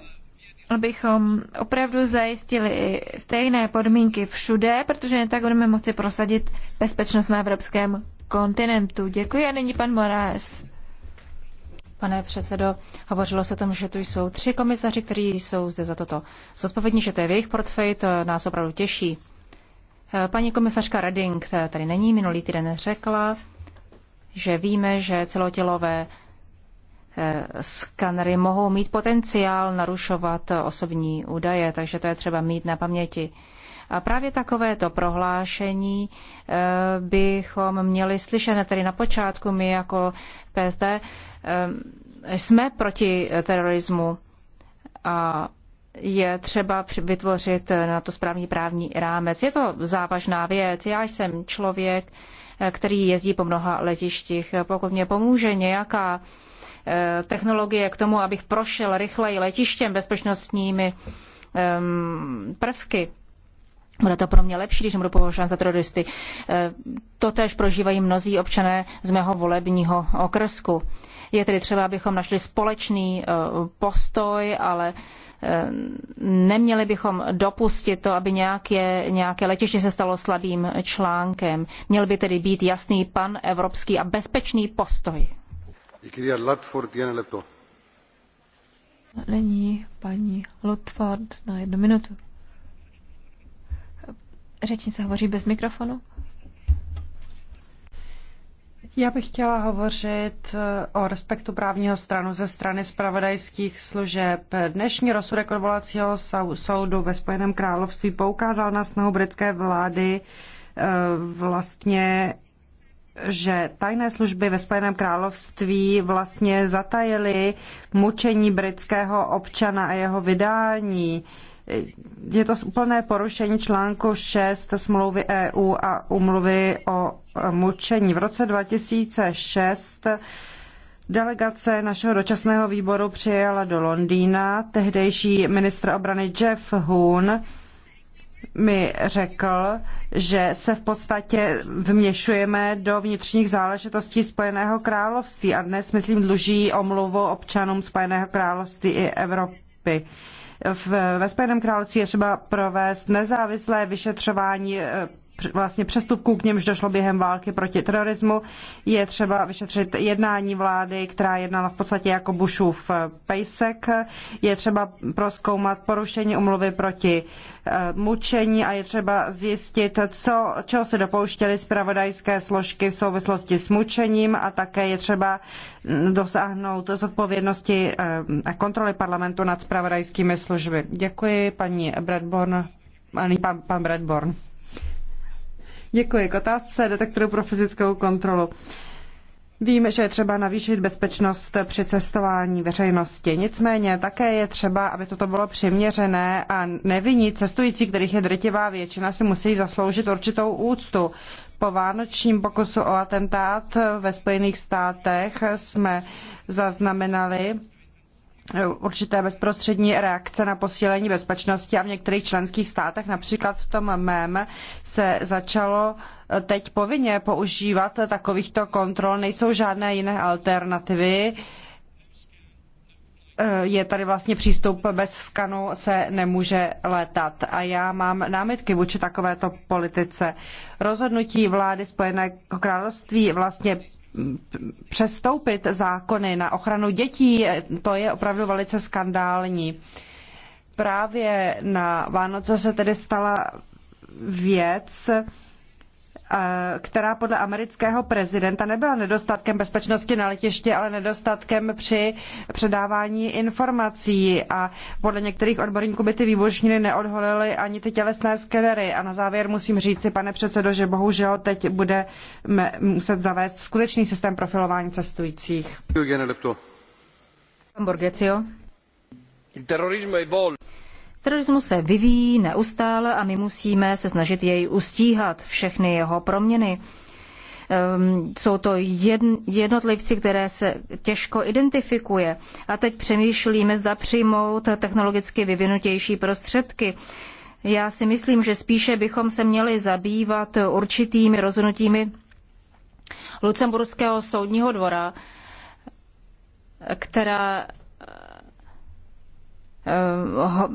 abychom opravdu zajistili stejné podmínky všude, protože tak budeme moci prosadit bezpečnost na evropském kontinentu. Děkuji a nyní pan Moraes. Pane předsedo, hovořilo se o tom, že tu jsou tři komisaři, kteří jsou zde za toto zodpovědní, že to je v jejich portfej, to nás opravdu těší. Eh, paní komisařka Reding, která eh, tady není, minulý týden řekla, že víme, že celotělové eh, skanery mohou mít potenciál narušovat osobní údaje, takže to je třeba mít na paměti. A právě takovéto prohlášení bychom měli slyšet tedy na počátku my jako PSD Ehm, jsme proti terorismu a je třeba vytvořit na to správný právní rámec. Je to závažná věc. Já jsem člověk, eh, který jezdí po mnoha letištích. Pokud mě pomůže nějaká eh, technologie k tomu, abych prošel rychleji letištěm bezpečnostními ehm, prvky, bude to pro mě lepší, když budu považován za teroristy. Eh, to tež prožívají mnozí občané z mého volebního okrsku. Je tedy třeba, abychom našli společný eh, postoj, ale eh, neměli bychom dopustit to, aby nějaké, nějaké letiště se stalo slabým článkem. Měl by tedy být jasný pan evropský a bezpečný postoj. Není paní Lutford na jednu minutu. Řečnice hovoří bez mikrofonu. Já bych chtěla hovořit eh, o respektu právního stranu ze strany spravodajských služeb. Dnešní rozsudek odvolacího soudu ve Spojeném království poukázal na snahu britské vlády eh, vlastně že tajné služby ve Spojeném království vlastně zatajily mučení britského občana a jeho vydání. Je to úplné porušení článku 6 smlouvy EU a umluvy o mlčení. V roce 2006 Delegace našeho dočasného výboru přijela do Londýna. Tehdejší ministr obrany Jeff Hoon mi řekl, že se v podstatě vměšujeme do vnitřních záležitostí Spojeného království a dnes, myslím, dluží omluvu občanům Spojeného království i Evropy v, ve Spojeném království je třeba provést nezávislé vyšetřování eh, vlastně přestupků, k němž došlo během války proti terorismu. Je třeba vyšetřit jednání vlády, která jednala v podstatě jako Bushův eh, pejsek. Je třeba proskoumat porušení umluvy proti eh, mučení a je třeba zjistit, co, čeho se dopouštěly zpravodajské složky v souvislosti s mučením a také je třeba mm, dosáhnout zodpovědnosti eh, a kontroly parlamentu nad zpravodajskými služby. Děkuji paní Bradborn, pan, pan Bradborn. Děkuji. K otázce detektoru pro fyzickou kontrolu. Vím, že je třeba navýšit bezpečnost při cestování veřejnosti. Nicméně také je třeba, aby toto bylo přiměřené a nevinní cestující, kterých je drtivá většina, si musí zasloužit určitou úctu. Po vánočním pokusu o atentát ve Spojených státech jsme zaznamenali Eh, určité bezprostřední reakce na posílení bezpečnosti a v některých členských státech, například v tom mém, se začalo eh, teď povinně používat takovýchto kontrol. Nejsou žádné jiné alternativy. Eh, je tady vlastně přístup bez skanu se nemůže létat. A já mám námitky vůči takovéto politice. Rozhodnutí vlády Spojeného království vlastně přestoupit zákony na ochranu dětí, to je opravdu velice skandální. Právě na Vánoce se tedy stala věc, která podle amerického prezidenta nebyla nedostatkem bezpečnosti na letišti, ale nedostatkem při předávání informací. A podle některých odborníků by ty výbušniny neodholily ani ty tělesné skenery. A na závěr musím říci, pane předsedo, že bohužel teď bude muset zavést skutečný systém profilování cestujících. Borgecio. Terorismus se vyvíjí neustále a my musíme se snažit jej ustíhat, všechny jeho proměny. Um, jsou to jedn, jednotlivci, které se těžko identifikuje. A teď přemýšlíme, zda přijmout technologicky vyvinutější prostředky. Já si myslím, že spíše bychom se měli zabývat určitými rozhodnutími Lucemburského soudního dvora, která Eh,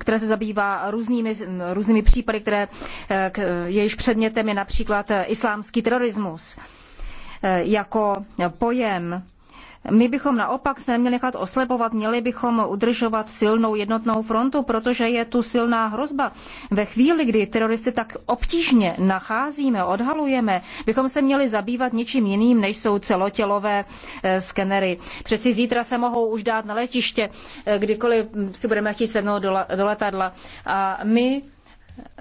které se zabývá různými, různými případy, které eh, jejíž předmětem je například eh, islámský terorismus jako pojem my bychom naopak se neměli nechat oslepovat, měli bychom udržovat silnou jednotnou frontu, protože je tu silná hrozba. Ve chvíli, kdy teroristy tak obtížně nacházíme, odhalujeme, bychom se měli zabývat ničím jiným, než jsou celotělové eh, skenery. Přeci zítra se mohou už dát na letiště, eh, kdykoliv si budeme chtít sednout do letadla. A my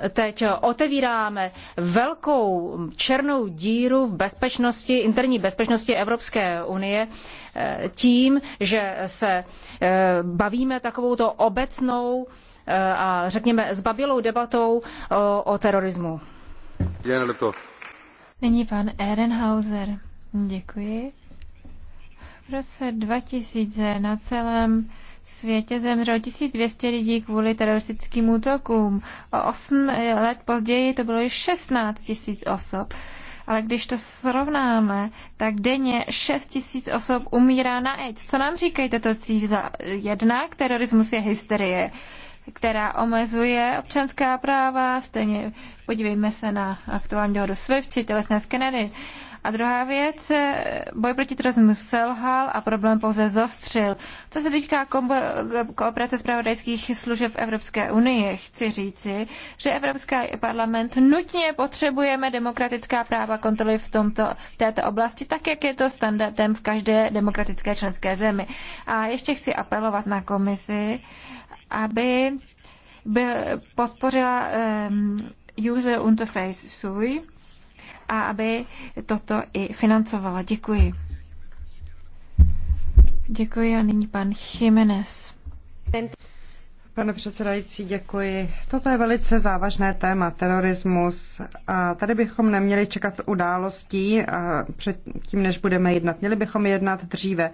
teď otevíráme velkou černou díru v bezpečnosti, interní bezpečnosti Evropské unie eh, tím, že se eh, bavíme takovou to obecnou eh, a řekněme zbabilou debatou o, o terorismu. Nyní pan Ehrenhauser. Děkuji. V roce 2000 na celém světě zemřelo 1200 lidí kvůli teroristickým útokům. O 8 let později to bylo již 16 000 osob. Ale když to srovnáme, tak denně 6 tisíc osob umírá na AIDS. Co nám říkají tato cíle? Jednak terorismus je hysterie která omezuje občanská práva, stejně podívejme se na aktuální dohodu SWIFT či tělesné skenery. A druhá věc, eh, boj proti terorismu selhal a problém pouze zostřil. Co se týká kooperace zpravodajských služeb v Evropské unii, chci říci, že Evropský parlament nutně potřebujeme demokratická práva kontroly v tomto, této oblasti, tak jak je to standardem v každé demokratické členské zemi. A ještě chci apelovat na komisi, aby byl, podpořila um, User Interface SUI, a aby toto i financovala. Děkuji. Děkuji a nyní pan Jiménez. Pane předsedající, děkuji. Toto je velice závažné téma, terorismus. A tady bychom neměli čekat událostí předtím, než budeme jednat. Měli bychom jednat dříve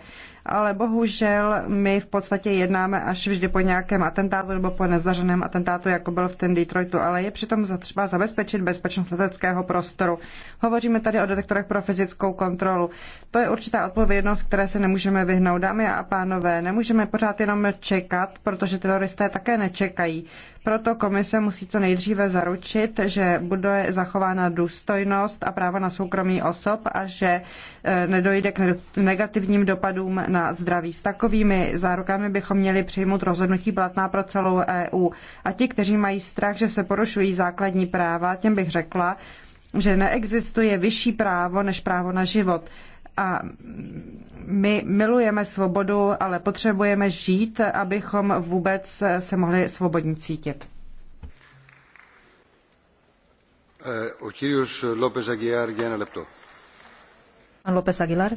ale bohužel my v podstatě jednáme až vždy po nějakém atentátu nebo po nezdařeném atentátu, jako byl v ten Detroitu, ale je přitom třeba zabezpečit bezpečnost leteckého prostoru. Hovoříme tady o detektorech pro fyzickou kontrolu. To je určitá odpovědnost, které se nemůžeme vyhnout. Dámy a pánové, nemůžeme pořád jenom čekat, protože teroristé také nečekají. Proto komise musí co nejdříve zaručit, že bude zachována důstojnost a práva na soukromí osob a že e, nedojde k negativním dopadům na zdraví. S takovými zárukami bychom měli přijmout rozhodnutí platná pro celou EU. A ti, kteří mají strach, že se porušují základní práva, těm bych řekla, že neexistuje vyšší právo než právo na život. A my milujeme svobodu, ale potřebujeme žít, abychom vůbec se mohli svobodně cítit. Pan eh, López Aguilar.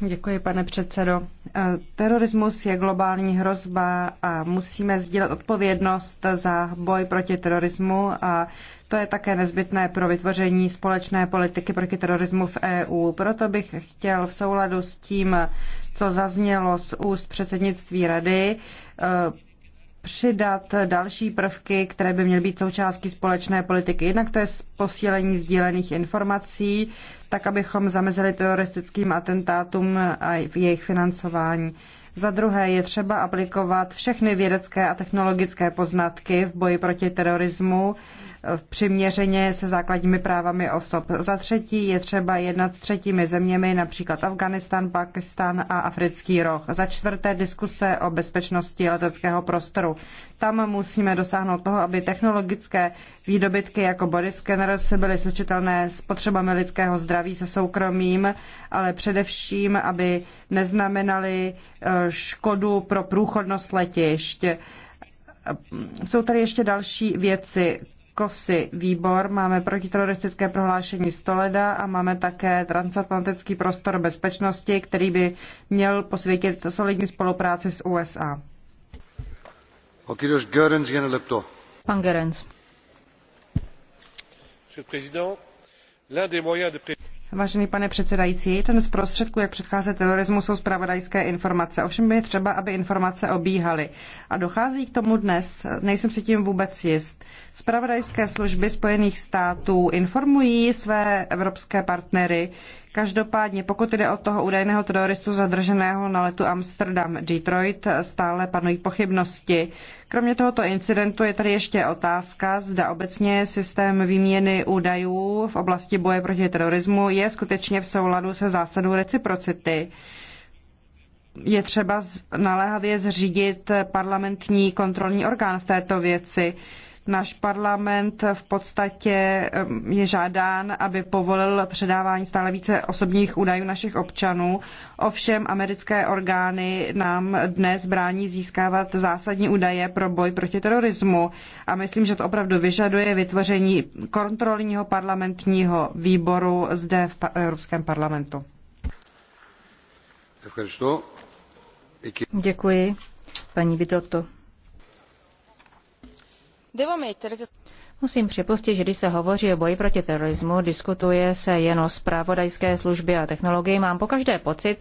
Děkuji, pane předsedo. E, terorismus je globální hrozba a musíme sdílet odpovědnost za boj proti terorismu a to je také nezbytné pro vytvoření společné politiky proti terorismu v EU. Proto bych chtěl v souladu s tím, co zaznělo z úst předsednictví rady, e, přidat další prvky, které by měly být součástí společné politiky. Jednak to je posílení sdílených informací, tak abychom zamezili teroristickým atentátům a jejich financování. Za druhé je třeba aplikovat všechny vědecké a technologické poznatky v boji proti terorismu přiměřeně se základními právami osob. Za třetí je třeba jednat s třetími zeměmi, například Afganistan, Pakistan a Africký roh. Za čtvrté diskuse o bezpečnosti leteckého prostoru. Tam musíme dosáhnout toho, aby technologické výdobytky jako body scanners byly slučitelné s potřebami lidského zdraví se soukromím, ale především, aby neznamenaly eh, škodu pro průchodnost letišť. Jsou tady ještě další věci KOSY výbor, máme protiteroristické prohlášení Stoleda a máme také transatlantický prostor bezpečnosti, který by měl posvětit solidní spolupráci s USA. Pan Gerens. Vážený pane předsedající, jeden z prostředků, jak předcházet terorismu, jsou zpravodajské informace. Ovšem je třeba, aby informace obíhaly. A dochází k tomu dnes, nejsem si tím vůbec jist. Zpravodajské služby Spojených států informují své evropské partnery, Každopádně, pokud jde o toho údajného teroristu zadrženého na letu Amsterdam-Detroit, stále panují pochybnosti. Kromě tohoto incidentu je tady ještě otázka, zda obecně systém výměny údajů v oblasti boje proti terorismu je skutečně v souladu se zásadou reciprocity je třeba naléhavě zřídit parlamentní kontrolní orgán v této věci. Náš parlament v podstatě je žádán, aby povolil předávání stále více osobních údajů našich občanů. Ovšem americké orgány nám dnes brání získávat zásadní údaje pro boj proti terorismu a myslím, že to opravdu vyžaduje vytvoření kontrolního parlamentního výboru zde v Evropském parlamentu. Děkuji, paní Vidotto. Musím připustit, že když se hovoří o boji proti terorismu, diskutuje se jen o zpravodajské službě a technologii. Mám pokaždé pocit,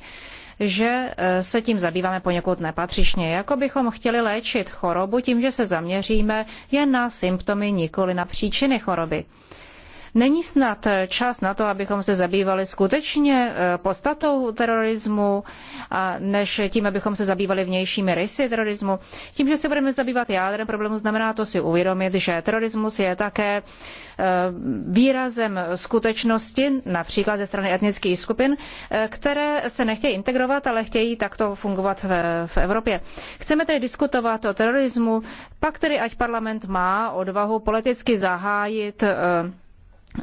že e, se tím zabýváme poněkud nepatřičně, jako bychom chtěli léčit chorobu tím, že se zaměříme jen na symptomy, nikoli na příčiny choroby. Není snad eh, čas na to, abychom se zabývali skutečně eh, podstatou terorismu, a než tím, abychom se zabývali vnějšími rysy terorismu. Tím, že se budeme zabývat jádrem problému, znamená to si uvědomit, že terorismus je také eh, výrazem skutečnosti, například ze strany etnických skupin, které se nechtějí integrovat, ale chtějí takto fungovat v, Evropě. Chceme tedy diskutovat o terorismu, pak tedy ať parlament má odvahu politicky zahájit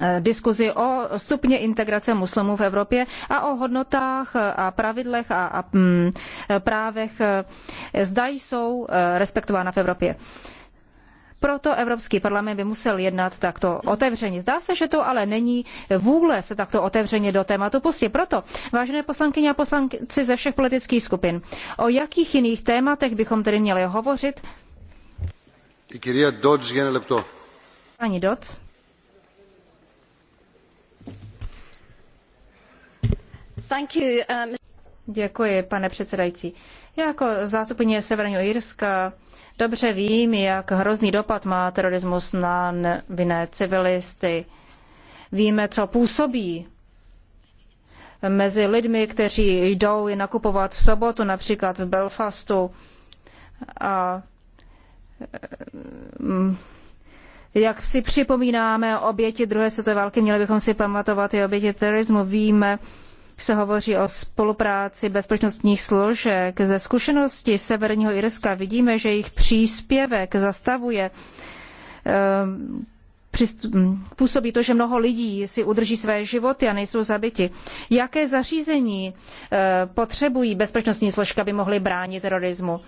Eh, diskuzi o stupně integrace muslimů v Evropě a o hodnotách a pravidlech a, a mm, právech, eh, zda jsou eh, respektována v Evropě. Proto Evropský parlament by musel jednat takto otevřeně. Zdá se, že to ale není vůle se takto otevřeně do tématu pustit. Proto, vážené poslankyně a poslanci ze všech politických skupin, o jakých jiných tématech bychom tedy měli hovořit? Pani Dodds. Uh, Děkuji, pane předsedající. Já jako zástupně Severního Irska dobře vím, jak hrozný dopad má terorismus na nevinné civilisty. Víme, co působí mezi lidmi, kteří jdou je nakupovat v sobotu, například v Belfastu. A eh, jak si připomínáme oběti druhé světové války, měli bychom si pamatovat i oběti terorismu. Víme, se hovoří o spolupráci bezpečnostních složek. Ze zkušenosti Severního Irska vidíme, že jejich příspěvek zastavuje ehm, hm, působí to, že mnoho lidí si udrží své životy a nejsou zabiti. Jaké zařízení eh, potřebují bezpečnostní složky, aby mohly bránit terorismu?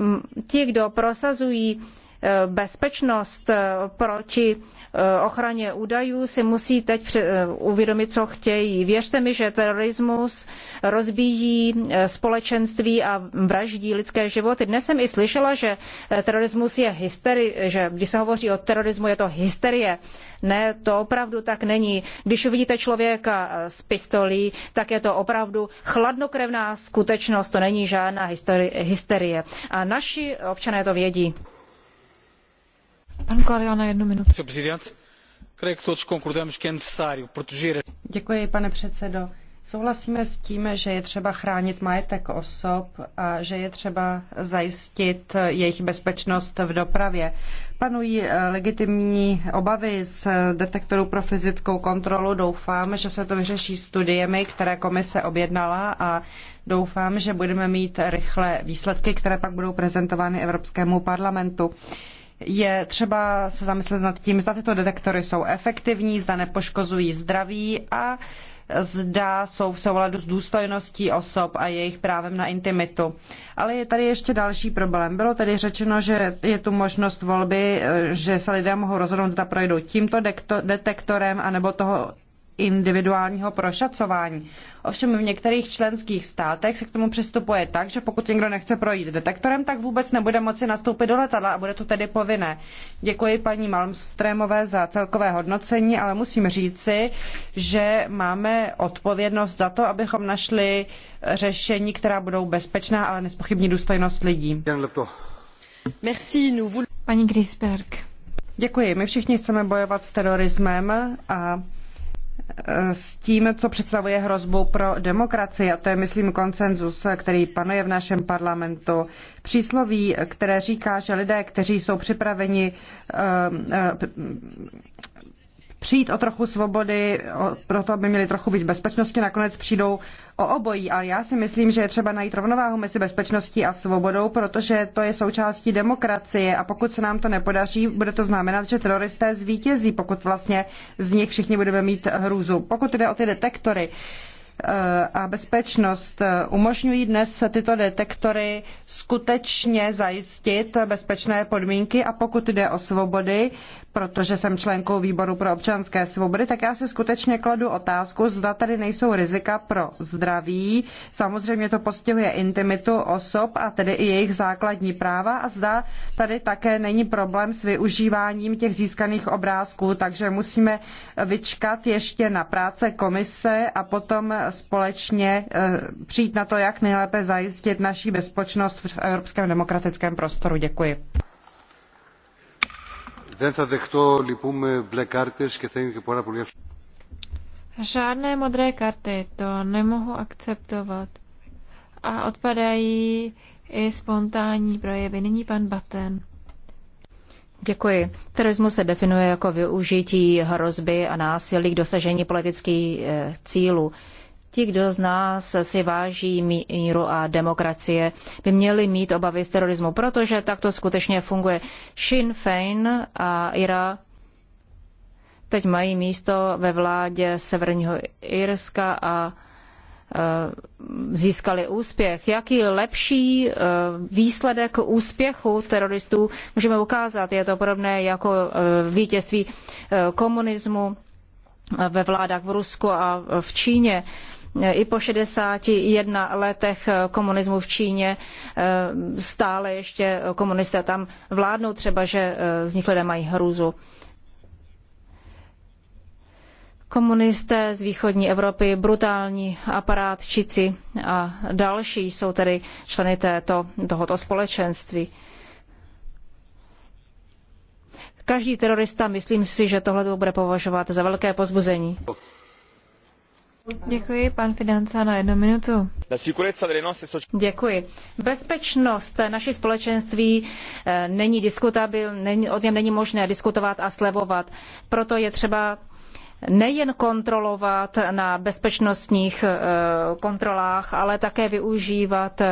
Hm, ti, kdo prosazují Eh, bezpečnost eh, proti eh, ochraně údajů si musí teď uvědomit, co chtějí. Věřte mi, že terorismus rozbíjí společenství a vraždí lidské životy. Dnes jsem i slyšela, že terorismus je hysterie, že když se hovoří o terorismu, je to hysterie. Ne, to opravdu tak není. Když uvidíte člověka s pistolí, tak je to opravdu chladnokrevná skutečnost, to není žádná hysterie. A naši občané to vědí pane předsedo. Souhlasíme s tím, že je třeba chránit majetek osob a že je třeba zajistit jejich bezpečnost v dopravě. Panují eh, legitimní obavy z detektorů pro fyzickou kontrolu. Doufám, že se to vyřeší studiemi, které komise objednala a doufám, že budeme mít rychle výsledky, které pak budou prezentovány Evropskému parlamentu je třeba se zamyslet nad tím, zda tyto detektory jsou efektivní, zda nepoškozují zdraví a zda jsou v souladu s důstojností osob a jejich právem na intimitu. Ale je tady ještě další problém. Bylo tedy řečeno, že je tu možnost volby, eh, že se lidé mohou rozhodnout, zda projdou tímto detektorem anebo toho individuálního prošacování. Ovšem v některých členských státech se k tomu přistupuje tak, že pokud někdo nechce projít detektorem, tak vůbec nebude moci nastoupit do letadla a bude to tedy povinné. Děkuji paní Malmstrémové za celkové hodnocení, ale musím říci, že máme odpovědnost za to, abychom našli řešení, která budou bezpečná, ale nespochybní důstojnost lidí. Paní Grisberg. Děkuji. My všichni chceme bojovat s terorismem a s tím, co představuje hrozbu pro demokracii, a to je, myslím, konsenzus, který panuje v našem parlamentu. Přísloví, které říká, že lidé, kteří jsou připraveni eh, eh, přijít o trochu svobody, o, proto aby měli trochu víc bezpečnosti, nakonec přijdou o obojí. A já si myslím, že je třeba najít rovnováhu mezi bezpečností a svobodou, protože to je součástí demokracie a pokud se nám to nepodaří, bude to znamenat, že teroristé zvítězí, pokud vlastně z nich všichni budeme mít hrůzu. Pokud jde o ty detektory, a bezpečnost umožňují dnes tyto detektory skutečně zajistit bezpečné podmínky a pokud jde o svobody, protože jsem členkou výboru pro občanské svobody, tak já si skutečně kladu otázku, zda tady nejsou rizika pro zdraví. Samozřejmě to postihuje intimitu osob a tedy i jejich základní práva a zda tady také není problém s využíváním těch získaných obrázků, takže musíme vyčkat ještě na práce komise a potom společně eh, přijít na to, jak nejlépe zajistit naší bezpečnost v evropském demokratickém prostoru. Děkuji. Žádné modré karty, to nemohu akceptovat. A odpadají i spontánní projevy. Nyní pan Baten. Děkuji. Terorismus se definuje jako využití hrozby a násilí k dosažení politických eh, cílů. Ti, kdo z nás si váží míru a demokracie, by měli mít obavy z terorismu, protože tak to skutečně funguje. Sinn Fein a IRA teď mají místo ve vládě Severního Irska a e, získali úspěch. Jaký lepší e, výsledek úspěchu teroristů můžeme ukázat? Je to podobné jako e, vítězství komunismu ve vládách v Rusku a v Číně i po 61 letech komunismu v Číně eh, stále ještě komunisté tam vládnou, třeba že eh, z nich lidé mají hrůzu. Komunisté z východní Evropy, brutální aparátčici a další jsou tedy členy této, tohoto společenství. Každý terorista, myslím si, že tohle bude považovat za velké pozbuzení. Děkuji, pan Fidanca, na jednu minutu. Děkuji. Bezpečnost naší společenství eh, není diskutabilní, o něm není možné diskutovat a slevovat. Proto je třeba nejen kontrolovat na bezpečnostních eh, kontrolách, ale také využívat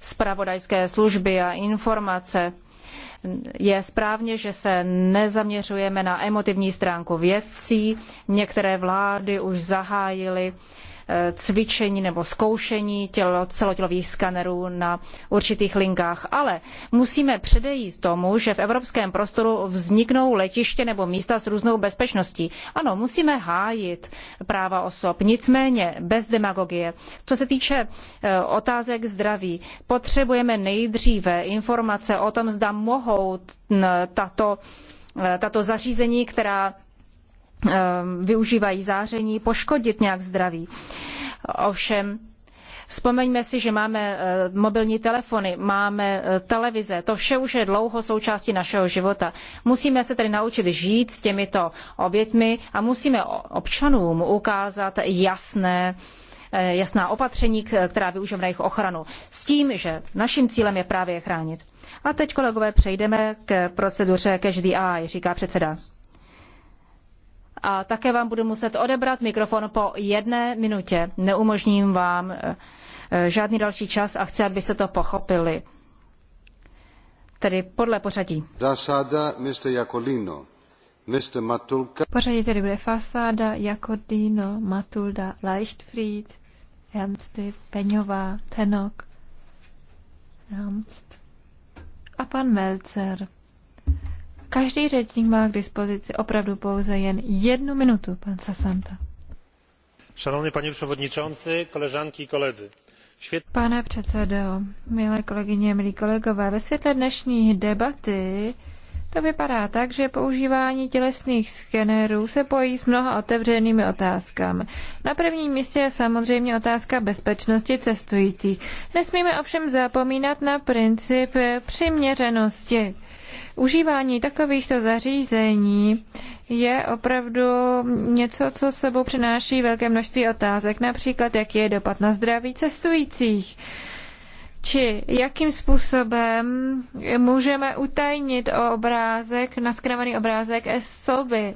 spravodajské eh, služby a informace je správně, že se nezaměřujeme na emotivní stránku věcí. Některé vlády už zahájily uh, Eh, cvičení nebo zkoušení tělo, celotělových skanerů na určitých linkách. Ale musíme předejít tomu, že v evropském prostoru vzniknou letiště nebo místa s různou bezpečností. Ano, musíme hájit práva osob, nicméně bez demagogie. Co se týče eh, otázek zdraví, potřebujeme nejdříve informace o tom, zda mohou tato, eh, tato zařízení, která Ehm, využívají záření, poškodit nějak zdraví. Ovšem, Vzpomeňme si, že máme eh, mobilní telefony, máme eh, televize, to vše už je dlouho součástí našeho života. Musíme se tedy naučit žít s těmito obětmi a musíme občanům ukázat jasné eh, jasná opatření, která využijeme na jejich ochranu. S tím, že naším cílem je právě je chránit. A teď, kolegové, přejdeme k proceduře Cash the Eye, říká předseda a také vám budu muset odebrat mikrofon po jedné minutě. Neumožním vám eh, eh, žádný další čas a chci, aby se to pochopili. Tedy podle pořadí. Zasada, Mr. Jakolino. Mr. Matulka. Pořadí tedy bude Fasáda, Jakodino, Matulda, Leichtfried, Ernst, Peňová, Tenok, Ernst a pan Melzer. Každý řečník má k dispozici opravdu pouze jen jednu minutu, pan Sasanta. Szanowny panie przewodniczący, koleżanki i koledzy. Pane předsedo, milé kolegyně, milí kolegové, ve světle dnešní debaty to vypadá tak, že používání tělesných skenerů se pojí s mnoha otevřenými otázkami. Na prvním místě je samozřejmě otázka bezpečnosti cestujících. Nesmíme ovšem zapomínat na princip přiměřenosti. Užívání takovýchto zařízení je opravdu něco, co sebou přináší velké množství otázek, například jaký je dopad na zdraví cestujících či jakým způsobem můžeme utajnit o obrázek, naskravený obrázek e-soby.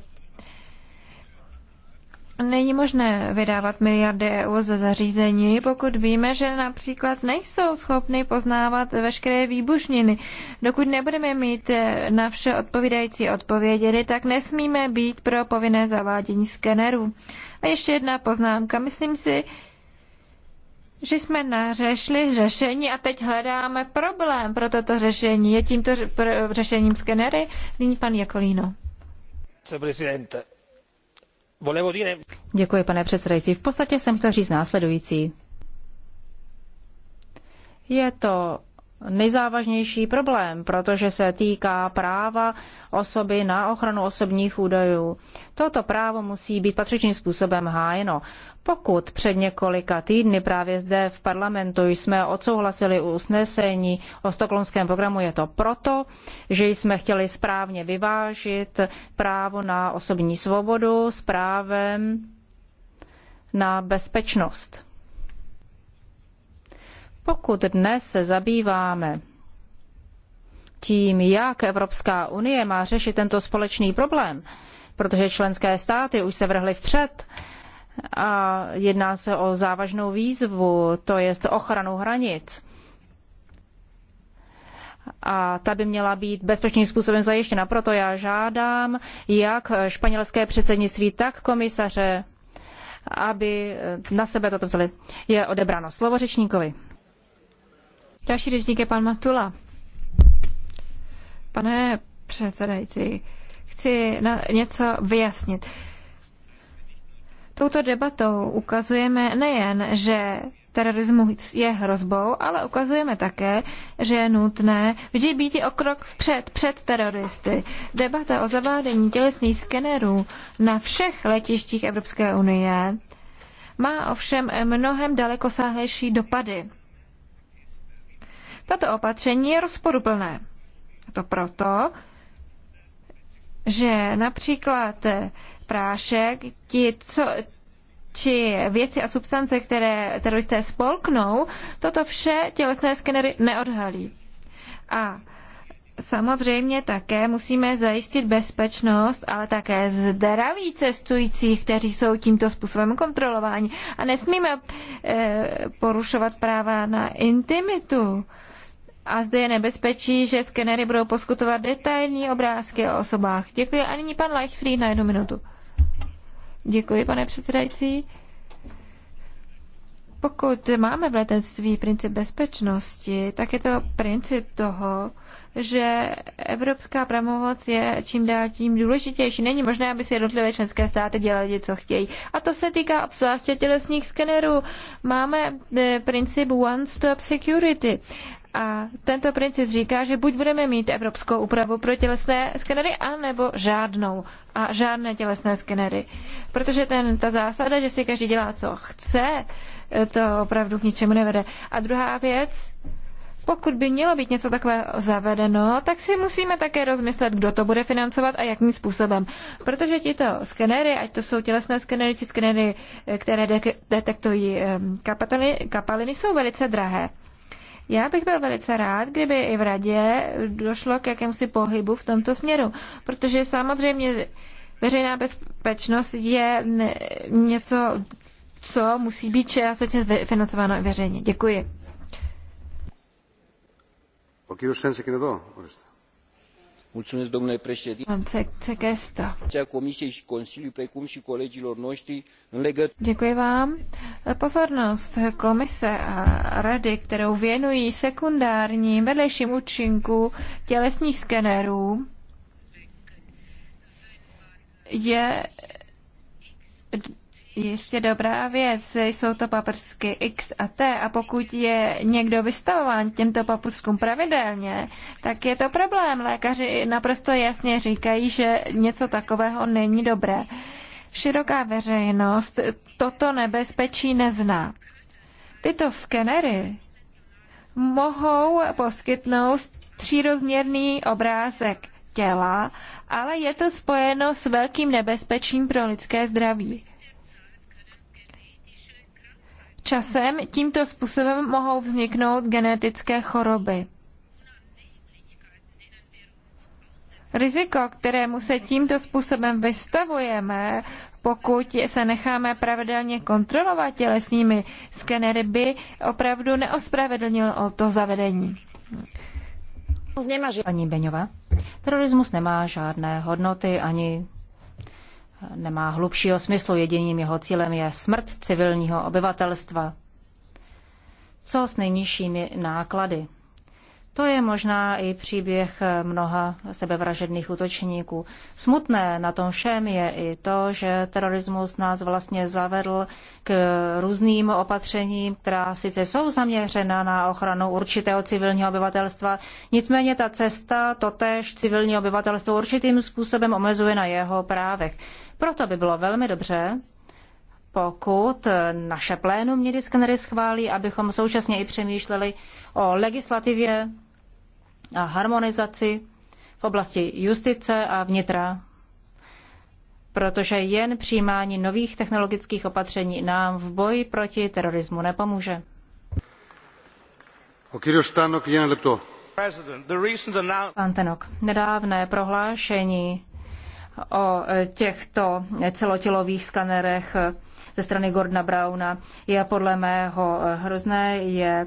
Není možné vydávat miliardy EU za zařízení, pokud víme, že například nejsou schopny poznávat veškeré výbušniny. Dokud nebudeme mít na vše odpovídající odpovědi, tak nesmíme být pro povinné zavádění skenerů. A ještě jedna poznámka. Myslím si, že jsme nařešli řešení a teď hledáme problém pro toto řešení. Je tímto řešením skenery? Nyní pan Jakolíno. Presidente Děkuji, pane předsedající. V podstatě jsem chtěl říct následující. Je to nejzávažnější problém, protože se týká práva osoby na ochranu osobních údajů. Toto právo musí být patřičným způsobem hájeno. Pokud před několika týdny právě zde v parlamentu jsme odsouhlasili usnesení o stokholmském programu, je to proto, že jsme chtěli správně vyvážit právo na osobní svobodu s právem na bezpečnost. Pokud dnes se zabýváme tím, jak Evropská unie má řešit tento společný problém, protože členské státy už se vrhly vpřed a jedná se o závažnou výzvu, to je ochranu hranic. A ta by měla být bezpečným způsobem zajištěna. Proto já žádám jak španělské předsednictví, tak komisaře, aby na sebe toto vzali. Je odebráno slovo řečníkovi. Další řečník je pan Matula. Pane předsedající, chci na něco vyjasnit. Touto debatou ukazujeme nejen, že terorismus je hrozbou, ale ukazujeme také, že je nutné vždy být i o krok vpřed, před teroristy. Debata o zavádění tělesných skenerů na všech letištích Evropské unie má ovšem mnohem dalekosáhlejší dopady. Tato opatření je rozporuplné. A to proto, že například prášek, ti, co, či věci a substance, které teroristé spolknou, toto vše tělesné skenery neodhalí. A samozřejmě také musíme zajistit bezpečnost, ale také zdraví cestujících, kteří jsou tímto způsobem kontrolováni. A nesmíme e, porušovat práva na intimitu a zde je nebezpečí, že skenery budou poskutovat detailní obrázky o osobách. Děkuji. A nyní pan Leichfried na jednu minutu. Děkuji, pane předsedající. Pokud máme v letectví princip bezpečnosti, tak je to princip toho, že evropská pravomoc je čím dál tím důležitější. Není možné, aby si jednotlivé členské státy dělali, co chtějí. A to se týká obzvláště tělesních skenerů. Máme eh, princip one-stop security. A tento princip říká, že buď budeme mít evropskou úpravu pro tělesné skenery, anebo žádnou. A žádné tělesné skenery. Protože ten, ta zásada, že si každý dělá, co chce, to opravdu k ničemu nevede. A druhá věc, pokud by mělo být něco takové zavedeno, tak si musíme také rozmyslet, kdo to bude financovat a jakým způsobem. Protože tito skenery, ať to jsou tělesné skenery či skenery, které de- detektují kapaliny, kapaliny, jsou velice drahé. Já bych byl velice rád, kdyby i v radě došlo k jakémusi pohybu v tomto směru, protože samozřejmě veřejná bezpečnost je něco, co musí být částečně financováno i veřejně. Děkuji. O kýru Šenček je to, comisiei i consiliului precum i colegilor notri în legătură pozornost komise a rady, kterou věnují sekundárním vedlejším účinku tělesných skenerů, je jistě dobrá věc. Jsou to paprsky X a T a pokud je někdo vystavován těmto paprskům pravidelně, tak je to problém. Lékaři naprosto jasně říkají, že něco takového není dobré. Široká veřejnost toto nebezpečí nezná. Tyto skenery mohou poskytnout třírozměrný obrázek těla, ale je to spojeno s velkým nebezpečím pro lidské zdraví. Časem tímto způsobem mohou vzniknout genetické choroby. Riziko, kterému se tímto způsobem vystavujeme, pokud se necháme pravidelně kontrolovat tělesnými skenery, by opravdu neospravedlnilo to zavedení. Paní Beňová, terorismus nemá žádné hodnoty ani nemá hlubšího smyslu. Jediným jeho cílem je smrt civilního obyvatelstva. Co s nejnižšími náklady? To je možná i příběh mnoha sebevražedných útočníků. Smutné na tom všem je i to, že terorismus nás vlastně zavedl k různým opatřením, která sice jsou zaměřena na ochranu určitého civilního obyvatelstva, nicméně ta cesta totéž civilní obyvatelstvo určitým způsobem omezuje na jeho právech. Proto by bylo velmi dobře, pokud naše plénum někdy skenery schválí, abychom současně i přemýšleli o legislativě a harmonizaci v oblasti justice a vnitra, protože jen přijímání nových technologických opatření nám v boji proti terorismu nepomůže. Pan Tenok, nedávné prohlášení o těchto celotělových skanerech ze strany Gordona Brauna je podle mého hrozné, je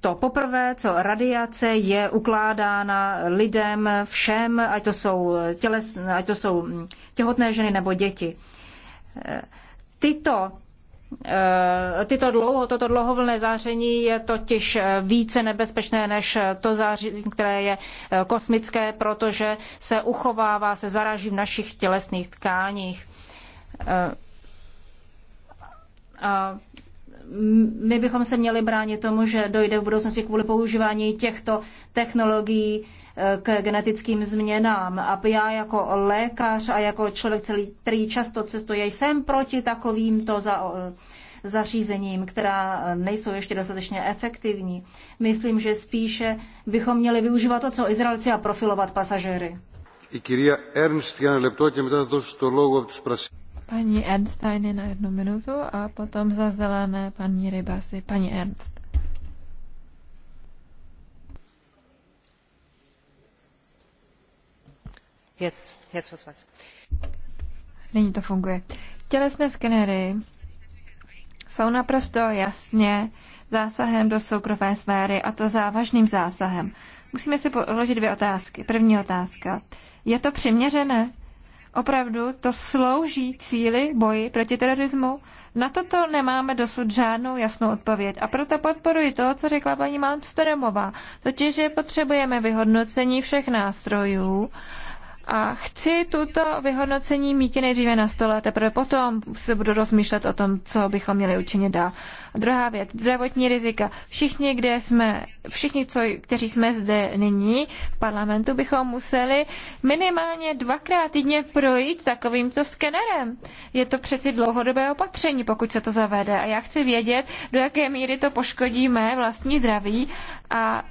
to poprvé, co radiace je ukládána lidem všem, ať to jsou, těles, ať to jsou těhotné ženy nebo děti. Tyto eh, Tyto dlouho, toto dlouhovlné záření je totiž více nebezpečné než to záření, které je eh, kosmické, protože se uchovává, se zaraží v našich tělesných tkáních. Eh, a my bychom se měli bránit tomu, že dojde v budoucnosti kvůli používání těchto technologií eh, k genetickým změnám. A já jako lékař a jako člověk, který často cestuje, jsem proti takovýmto za, zařízením, která eh, nejsou ještě dostatečně efektivní. Myslím, že spíše bychom měli využívat to, co Izraelci a profilovat pasažéry paní Ernsteiny na jednu minutu a potom za zelené paní Rybasy. Paní Ernst. Nyní to funguje. Tělesné skenery jsou naprosto jasně zásahem do soukromé sféry a to závažným zásahem. Musíme si položit dvě otázky. První otázka. Je to přiměřené? opravdu to slouží cíli boji proti terorismu? Na toto nemáme dosud žádnou jasnou odpověď a proto podporuji to, co řekla paní Malmstromová, totiž, že potřebujeme vyhodnocení všech nástrojů a chci tuto vyhodnocení mít nejdříve na stole, a teprve potom se budu rozmýšlet o tom, co bychom měli učinit dál. A druhá věc, zdravotní rizika. Všichni, kde jsme, všichni, co, kteří jsme zde nyní v parlamentu, bychom museli minimálně dvakrát týdně projít takovýmto skenerem. Je to přeci dlouhodobé opatření, pokud se to zavede. A já chci vědět, do jaké míry to poškodí mé vlastní zdraví a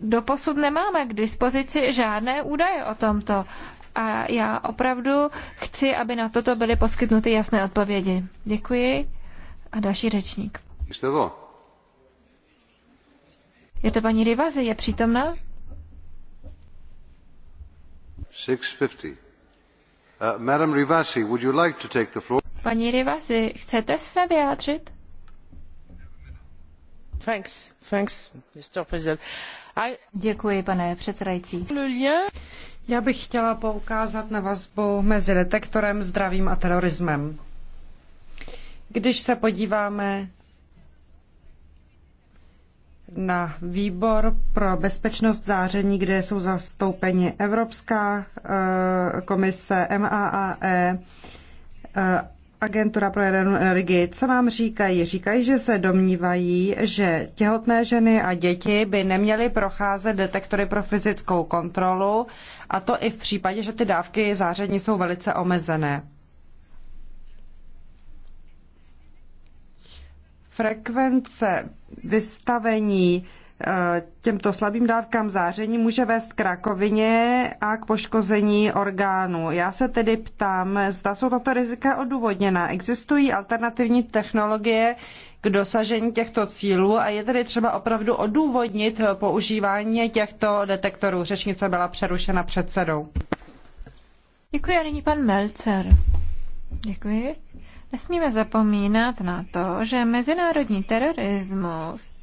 doposud nemáme k dispozici žádné údaje o tomto. A já opravdu chci, aby na toto byly poskytnuty jasné odpovědi. Děkuji. A další řečník. Jste to? Je to paní Rivazy, je přítomná? 650. Uh, Madam Rivasi, would you like to take the floor? Paní Rivasi, chcete se vyjádřit? Děkuji, pane předsedající. Já bych chtěla poukázat na vazbu mezi detektorem, zdravím a terorismem. Když se podíváme na výbor pro bezpečnost záření, kde jsou zastoupeni Evropská eh, komise, MAAE eh, Agentura pro jadernou energii, co nám říkají? Říkají, že se domnívají, že těhotné ženy a děti by neměly procházet detektory pro fyzickou kontrolu, a to i v případě, že ty dávky záření jsou velice omezené. Frekvence vystavení těmto slabým dávkám záření může vést k rakovině a k poškození orgánů. Já se tedy ptám, zda jsou tato rizika odůvodněná. Existují alternativní technologie k dosažení těchto cílů a je tedy třeba opravdu odůvodnit používání těchto detektorů. Řečnice byla přerušena předsedou. Děkuji a nyní pan Melcer. Děkuji. Nesmíme zapomínat na to, že mezinárodní terorismus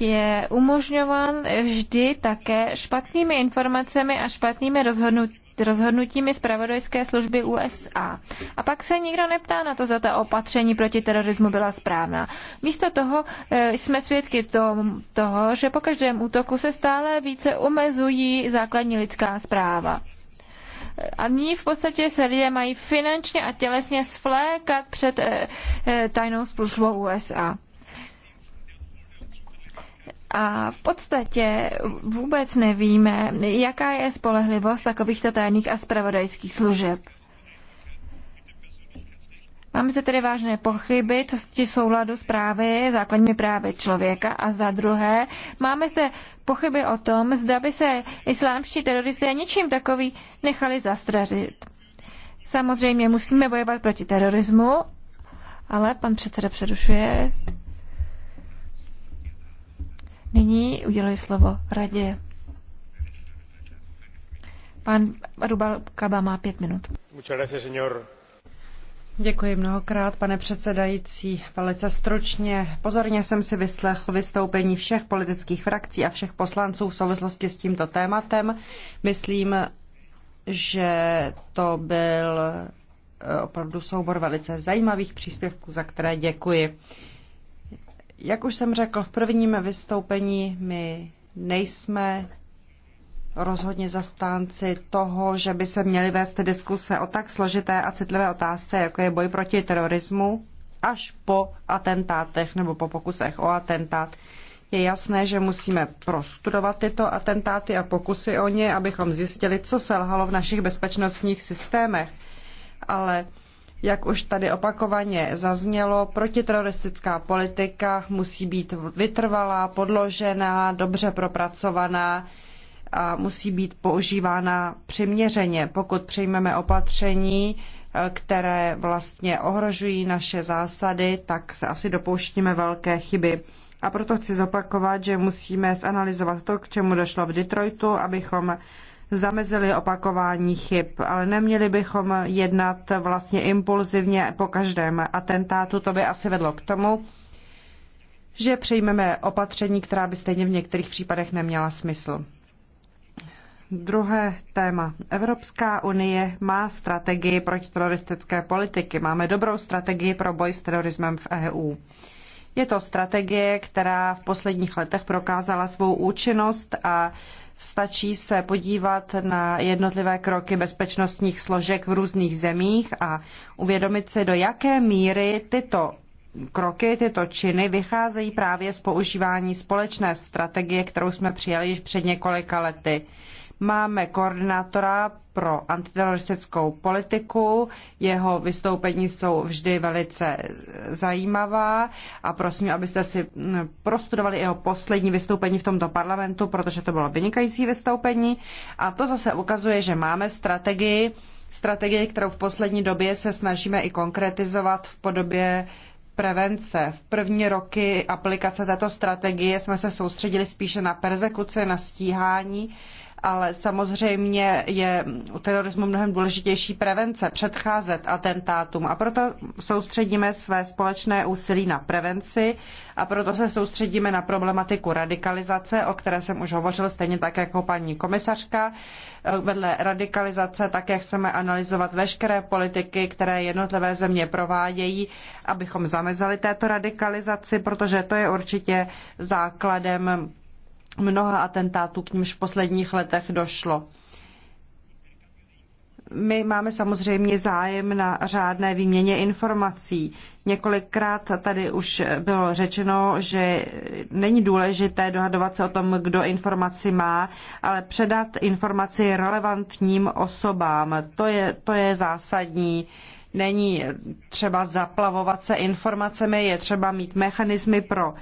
je umožňován vždy také špatnými informacemi a špatnými rozhodnutími rozhodnutími zpravodajské služby USA. A pak se nikdo neptá na to, za ta opatření proti terorismu byla správná. Místo toho eh, jsme svědky tom, toho, že po každém útoku se stále více omezují základní lidská zpráva. A nyní v podstatě se lidé mají finančně a tělesně svlékat před eh, eh, tajnou službou USA a v podstatě vůbec nevíme, jaká je spolehlivost takovýchto tajných a spravodajských služeb. Máme se tedy vážné pochyby, co se souladu s právy, základními právy člověka a za druhé máme se pochyby o tom, zda by se islámští teroristé ničím takový nechali zastražit. Samozřejmě musíme bojovat proti terorismu, ale pan předseda přerušuje uděluji slovo radě. Pan Kaba má pět minut. Děkuji mnohokrát, pane předsedající. Velice stručně. Pozorně jsem si vyslechl vystoupení všech politických frakcí a všech poslanců v souvislosti s tímto tématem. Myslím, že to byl eh, opravdu soubor velice zajímavých příspěvků, za které děkuji. Jak už jsem řekl v prvním vystoupení, my nejsme rozhodně zastánci toho, že by se měly vést diskuse o tak složité a citlivé otázce, jako je boj proti terorismu, až po atentátech nebo po pokusech o atentát. Je jasné, že musíme prostudovat tyto atentáty a pokusy o ně, abychom zjistili, co selhalo v našich bezpečnostních systémech. Ale jak už tady opakovaně zaznělo, protiteroristická politika musí být vytrvalá, podložená, dobře propracovaná a musí být používána přiměřeně. Pokud přijmeme opatření, eh, které vlastně ohrožují naše zásady, tak se asi dopouštíme velké chyby. A proto chci zopakovat, že musíme zanalizovat to, k čemu došlo v Detroitu, abychom zamezili opakování chyb, ale neměli bychom jednat vlastně impulzivně po každém atentátu. To by asi vedlo k tomu, že přejmeme opatření, která by stejně v některých případech neměla smysl. Druhé téma. Evropská unie má strategii teroristické politiky. Máme dobrou strategii pro boj s terorismem v EU. Je to strategie, která v posledních letech prokázala svou účinnost a Stačí se podívat na jednotlivé kroky bezpečnostních složek v různých zemích a uvědomit si, do jaké míry tyto kroky, tyto činy vycházejí právě z používání společné strategie, kterou jsme přijali již před několika lety. Máme koordinátora pro antiteroristickou politiku. Jeho vystoupení jsou vždy velice zajímavá a prosím, abyste si mm, prostudovali jeho poslední vystoupení v tomto parlamentu, protože to bylo vynikající vystoupení a to zase ukazuje, že máme strategii, strategii, kterou v poslední době se snažíme i konkretizovat v podobě prevence. V první roky aplikace této strategie jsme se soustředili spíše na persekuce, na stíhání ale samozřejmě je u terorismu mnohem důležitější prevence, předcházet atentátům a proto soustředíme své společné úsilí na prevenci a proto se soustředíme na problematiku radikalizace, o které jsem už hovořil stejně tak jako paní komisařka. Vedle radikalizace také chceme analyzovat veškeré politiky, které jednotlivé země provádějí, abychom zamezali této radikalizaci, protože to je určitě základem mnoha atentátů, k nímž v posledních letech došlo. My máme samozřejmě zájem na řádné výměně informací. Několikrát tady už bylo řečeno, že není důležité dohadovat se o tom, kdo informaci má, ale předat informaci relevantním osobám. To je, to je zásadní. Uh, Není třeba zaplavovat se informacemi, je třeba mít mechanismy pro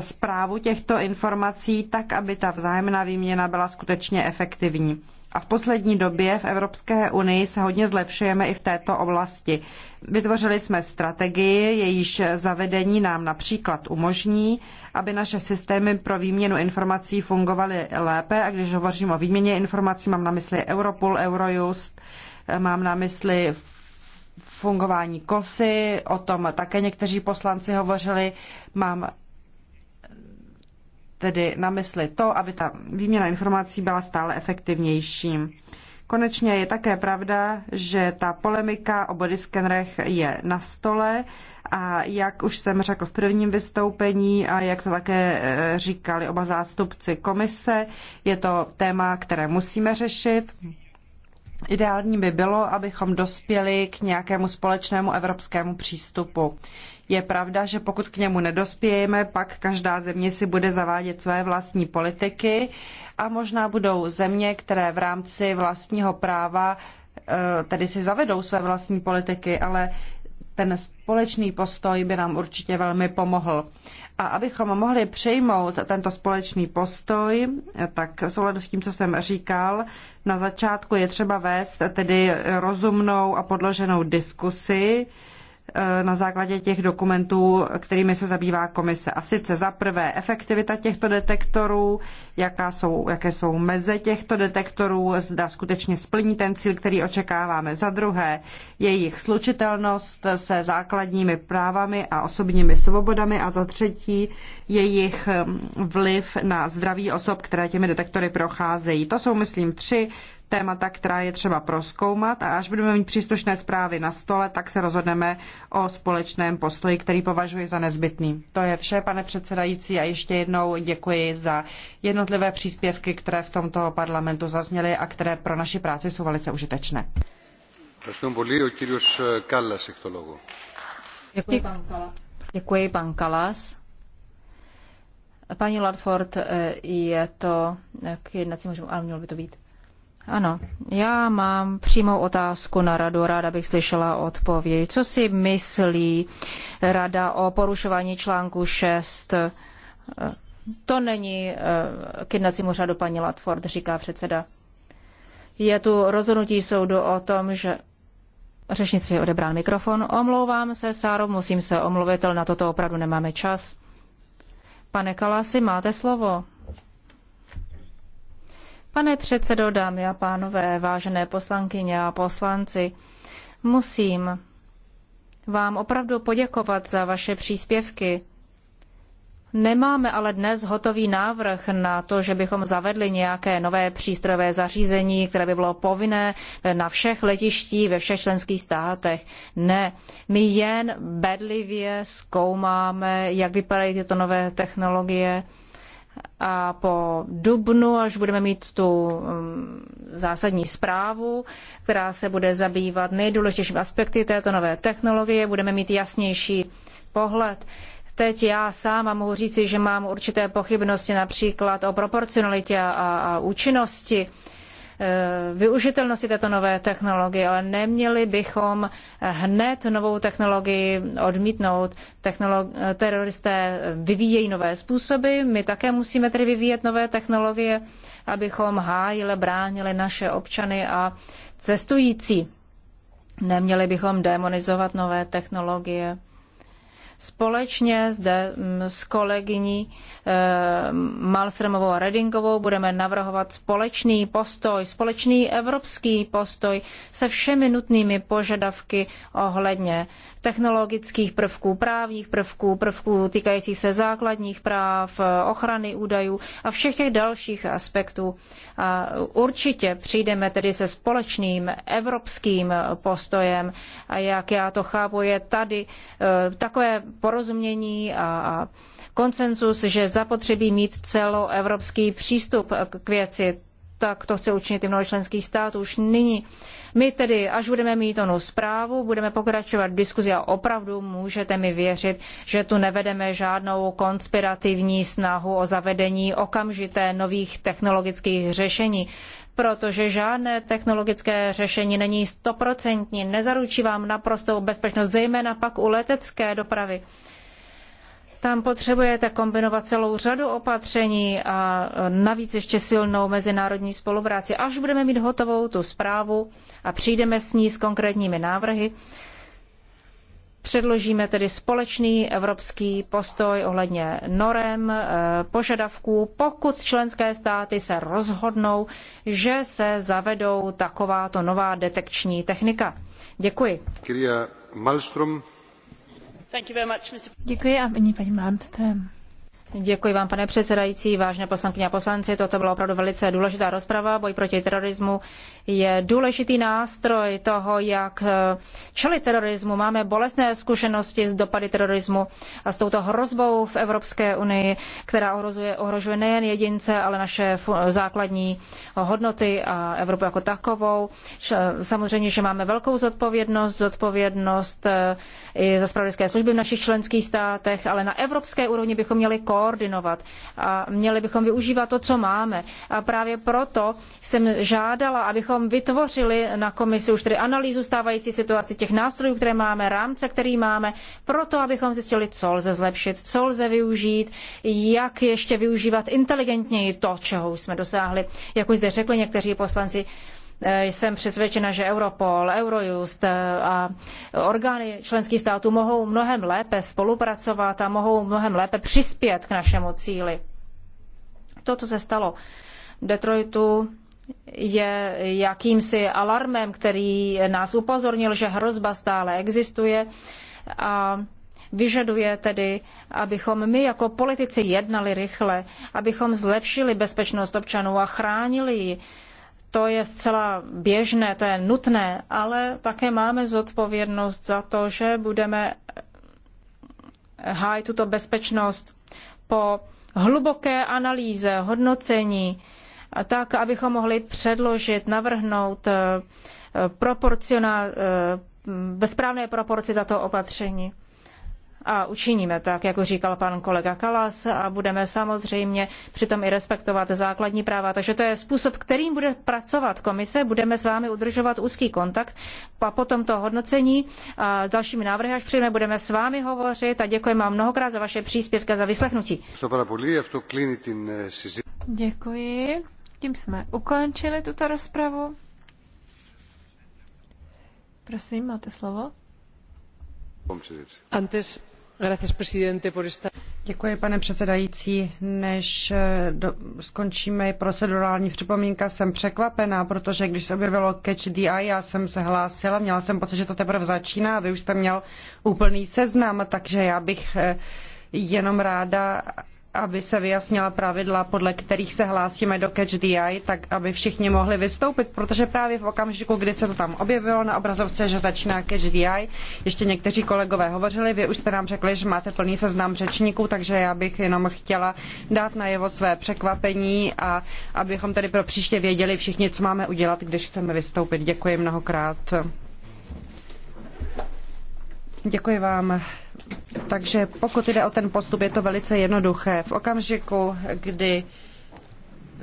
zprávu eh, těchto informací tak, aby ta vzájemná výměna byla skutečně efektivní. A v poslední době v Evropské unii se hodně zlepšujeme i v této oblasti. Vytvořili jsme strategii, jejíž zavedení nám například umožní, aby naše systémy pro výměnu informací fungovaly lépe. A když hovořím o výměně informací, mám na mysli Europol, Eurojust, eh, mám na mysli fungování kosy, o tom také někteří poslanci hovořili. Mám tedy na mysli to, aby ta výměna informací byla stále efektivnější. Konečně je také pravda, že ta polemika o bodyskenerech je na stole a jak už jsem řekl v prvním vystoupení a jak to také e, říkali oba zástupci komise, je to téma, které musíme řešit. Ideální by bylo, abychom dospěli k nějakému společnému evropskému přístupu. Je pravda, že pokud k němu nedospějeme, pak každá země si bude zavádět své vlastní politiky a možná budou země, které v rámci vlastního práva e, tedy si zavedou své vlastní politiky, ale ten společný postoj by nám určitě velmi pomohl. A abychom mohli přejmout tento společný postoj, tak v souladu s tím, co jsem říkal, na začátku je třeba vést tedy rozumnou a podloženou diskusi, Eh, na základě těch dokumentů, kterými se zabývá komise. A sice za prvé efektivita těchto detektorů, jaká jsou, jaké jsou meze těchto detektorů, zda skutečně splní ten cíl, který očekáváme. Za druhé jejich slučitelnost se základními právami a osobními svobodami a za třetí jejich mm, vliv na zdraví osob, které těmi detektory procházejí. To jsou, myslím, tři témata, která je třeba proskoumat a až budeme mít příslušné zprávy na stole, tak se rozhodneme o společném postoji, který považuji za nezbytný. To je vše, pane předsedající, a ještě jednou děkuji za jednotlivé příspěvky, které v tomto parlamentu zazněly a které pro naši práci jsou velice užitečné. Děkuji, pan Kalas. Děkuji, Paní Ladford, eh, je to k jednacímu, ale mělo by to být. Ano, já mám přímou otázku na radu, ráda bych slyšela odpověď. Co si myslí rada o porušování článku 6? To není eh, k jednacímu řádu paní Latford, říká předseda. Je tu rozhodnutí soudu o tom, že Řešnici je odebrán mikrofon. Omlouvám se, Sáro, musím se omluvit, ale na toto opravdu nemáme čas. Pane Kalasi, máte slovo. Pane předsedo, dámy a pánové, vážené poslankyně a poslanci, musím vám opravdu poděkovat za vaše příspěvky. Nemáme ale dnes hotový návrh na to, že bychom zavedli nějaké nové přístrojové zařízení, které by bylo povinné na všech letištích ve všech členských státech. Ne, my jen bedlivě zkoumáme, jak vypadají tyto nové technologie a po dubnu, až budeme mít tu um, zásadní zprávu, která se bude zabývat nejdůležitějším aspekty této nové technologie, budeme mít jasnější pohled. Teď já a mohu říci, že mám určité pochybnosti například o proporcionalitě a, a účinnosti uh, Eh, využitelnosti této nové technologie, ale neměli bychom hned novou technologii odmítnout. Technolo- teroristé vyvíjejí nové způsoby, my také musíme tedy vyvíjet nové technologie, abychom hájili, bránili naše občany a cestující. Neměli bychom demonizovat nové technologie Společně zde mm, s kolegyní eh, Malsremovou a Redingovou budeme navrhovat společný postoj, společný evropský postoj se všemi nutnými požadavky ohledně technologických prvků, právních prvků, prvků týkajících se základních práv, ochrany údajů a všech těch dalších aspektů. A určitě přijdeme tedy se společným evropským postojem a jak já to chápu, je tady eh, takové porozumění a konsenzus, že zapotřebí mít celoevropský přístup k věci. Tak to chce učinit i mnoho členských států už nyní. My tedy, až budeme mít onu zprávu, budeme pokračovat v diskuzi a opravdu můžete mi věřit, že tu nevedeme žádnou konspirativní snahu o zavedení okamžité nových technologických řešení protože žádné technologické řešení není stoprocentní, nezaručí vám naprostou bezpečnost, zejména pak u letecké dopravy. Tam potřebujete kombinovat celou řadu opatření a navíc ještě silnou mezinárodní spolupráci. Až budeme mít hotovou tu zprávu a přijdeme s ní s konkrétními návrhy, Předložíme tedy společný evropský postoj ohledně norem, eh, požadavků, pokud členské státy se rozhodnou, že se zavedou takováto nová detekční technika. Děkuji. Děkuji a paní Malmström. Děkuji vám, pane předsedající, vážné poslankyně a poslanci. Toto byla opravdu velice důležitá rozprava. Boj proti terorismu je důležitý nástroj toho, jak eh, čelit terorismu. Máme bolestné zkušenosti s dopady terorismu a s touto hrozbou v Evropské unii, která ohrožuje nejen jedince, ale naše základní hodnoty a Evropu jako takovou. Samozřejmě, že máme velkou zodpovědnost, zodpovědnost eh, i za spravodajské služby v našich členských státech, ale na evropské úrovni bychom měli ko koordinovat a měli bychom využívat to, co máme. A právě proto jsem žádala, abychom vytvořili na komisi už tedy analýzu stávající situace těch nástrojů, které máme, rámce, který máme, proto abychom zjistili, co lze zlepšit, co lze využít, jak ještě využívat inteligentněji to, čeho už jsme dosáhli. Jak už zde řekli někteří poslanci, jsem přesvědčena, že Europol, Eurojust a orgány členských států mohou mnohem lépe spolupracovat a mohou mnohem lépe přispět k našemu cíli. To, co se stalo v Detroitu, je jakýmsi alarmem, který nás upozornil, že hrozba stále existuje a vyžaduje tedy, abychom my jako politici jednali rychle, abychom zlepšili bezpečnost občanů a chránili ji to je zcela běžné, to je nutné, ale také máme zodpovědnost za to, že budeme eh, hájit tuto bezpečnost po hluboké analýze, hodnocení, tak, abychom mohli předložit, navrhnout bezprávné eh, eh, proporci tato opatření a učiníme tak, jako říkal pan kolega Kalas, a budeme samozřejmě přitom i respektovat základní práva. Takže to je způsob, kterým bude pracovat komise. Budeme s vámi udržovat úzký kontakt a potom to hodnocení a dalšími návrhy, až přijme, budeme s vámi hovořit a děkuji vám mnohokrát za vaše příspěvky a za vyslechnutí. Děkuji. Tím jsme ukončili tuto rozpravu. Prosím, máte slovo. Antes Děkuji, pane předsedající. Než eh, skončíme procedurální připomínka, jsem překvapená, protože když se objevilo Catch the Eye, já jsem se hlásila, měla jsem pocit, že to teprve začíná a vy už jste měl úplný seznam, takže já bych eh, jenom ráda, aby se vyjasnila pravidla, podle kterých se hlásíme do Catch the Eye, tak aby všichni mohli vystoupit, protože právě v okamžiku, kdy se to tam objevilo na obrazovce, že začíná Catch the Eye, ještě někteří kolegové hovořili, vy už jste nám řekli, že máte plný seznam řečníků, takže já bych jenom chtěla dát najevo své překvapení a abychom tedy pro příště věděli všichni, co máme udělat, když chceme vystoupit. Děkuji mnohokrát. Děkuji vám. Takže pokud jde o ten postup, je to velice jednoduché. V okamžiku, kdy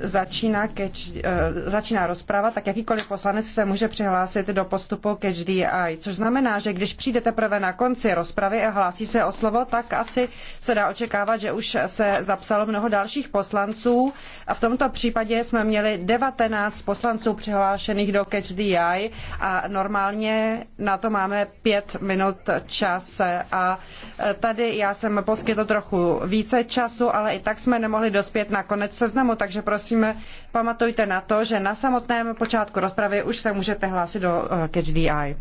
začíná, catch, eh, začíná rozprava, tak jakýkoliv poslanec se může přihlásit do postupu Catch the Eye, což znamená, že když přijde teprve na konci rozpravy a hlásí se o slovo, tak asi se dá očekávat, že už se zapsalo mnoho dalších poslanců a v tomto případě jsme měli 19 poslanců přihlášených do Catch the Eye a normálně na to máme pět minut čas a eh, tady já jsem poskytl trochu více času, ale i tak jsme nemohli dospět na konec seznamu, takže prosím prosím pamatujte na to, že na samotném počátku rozpravy už se můžete hlásit do eh, Catch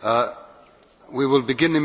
Uh, we will begin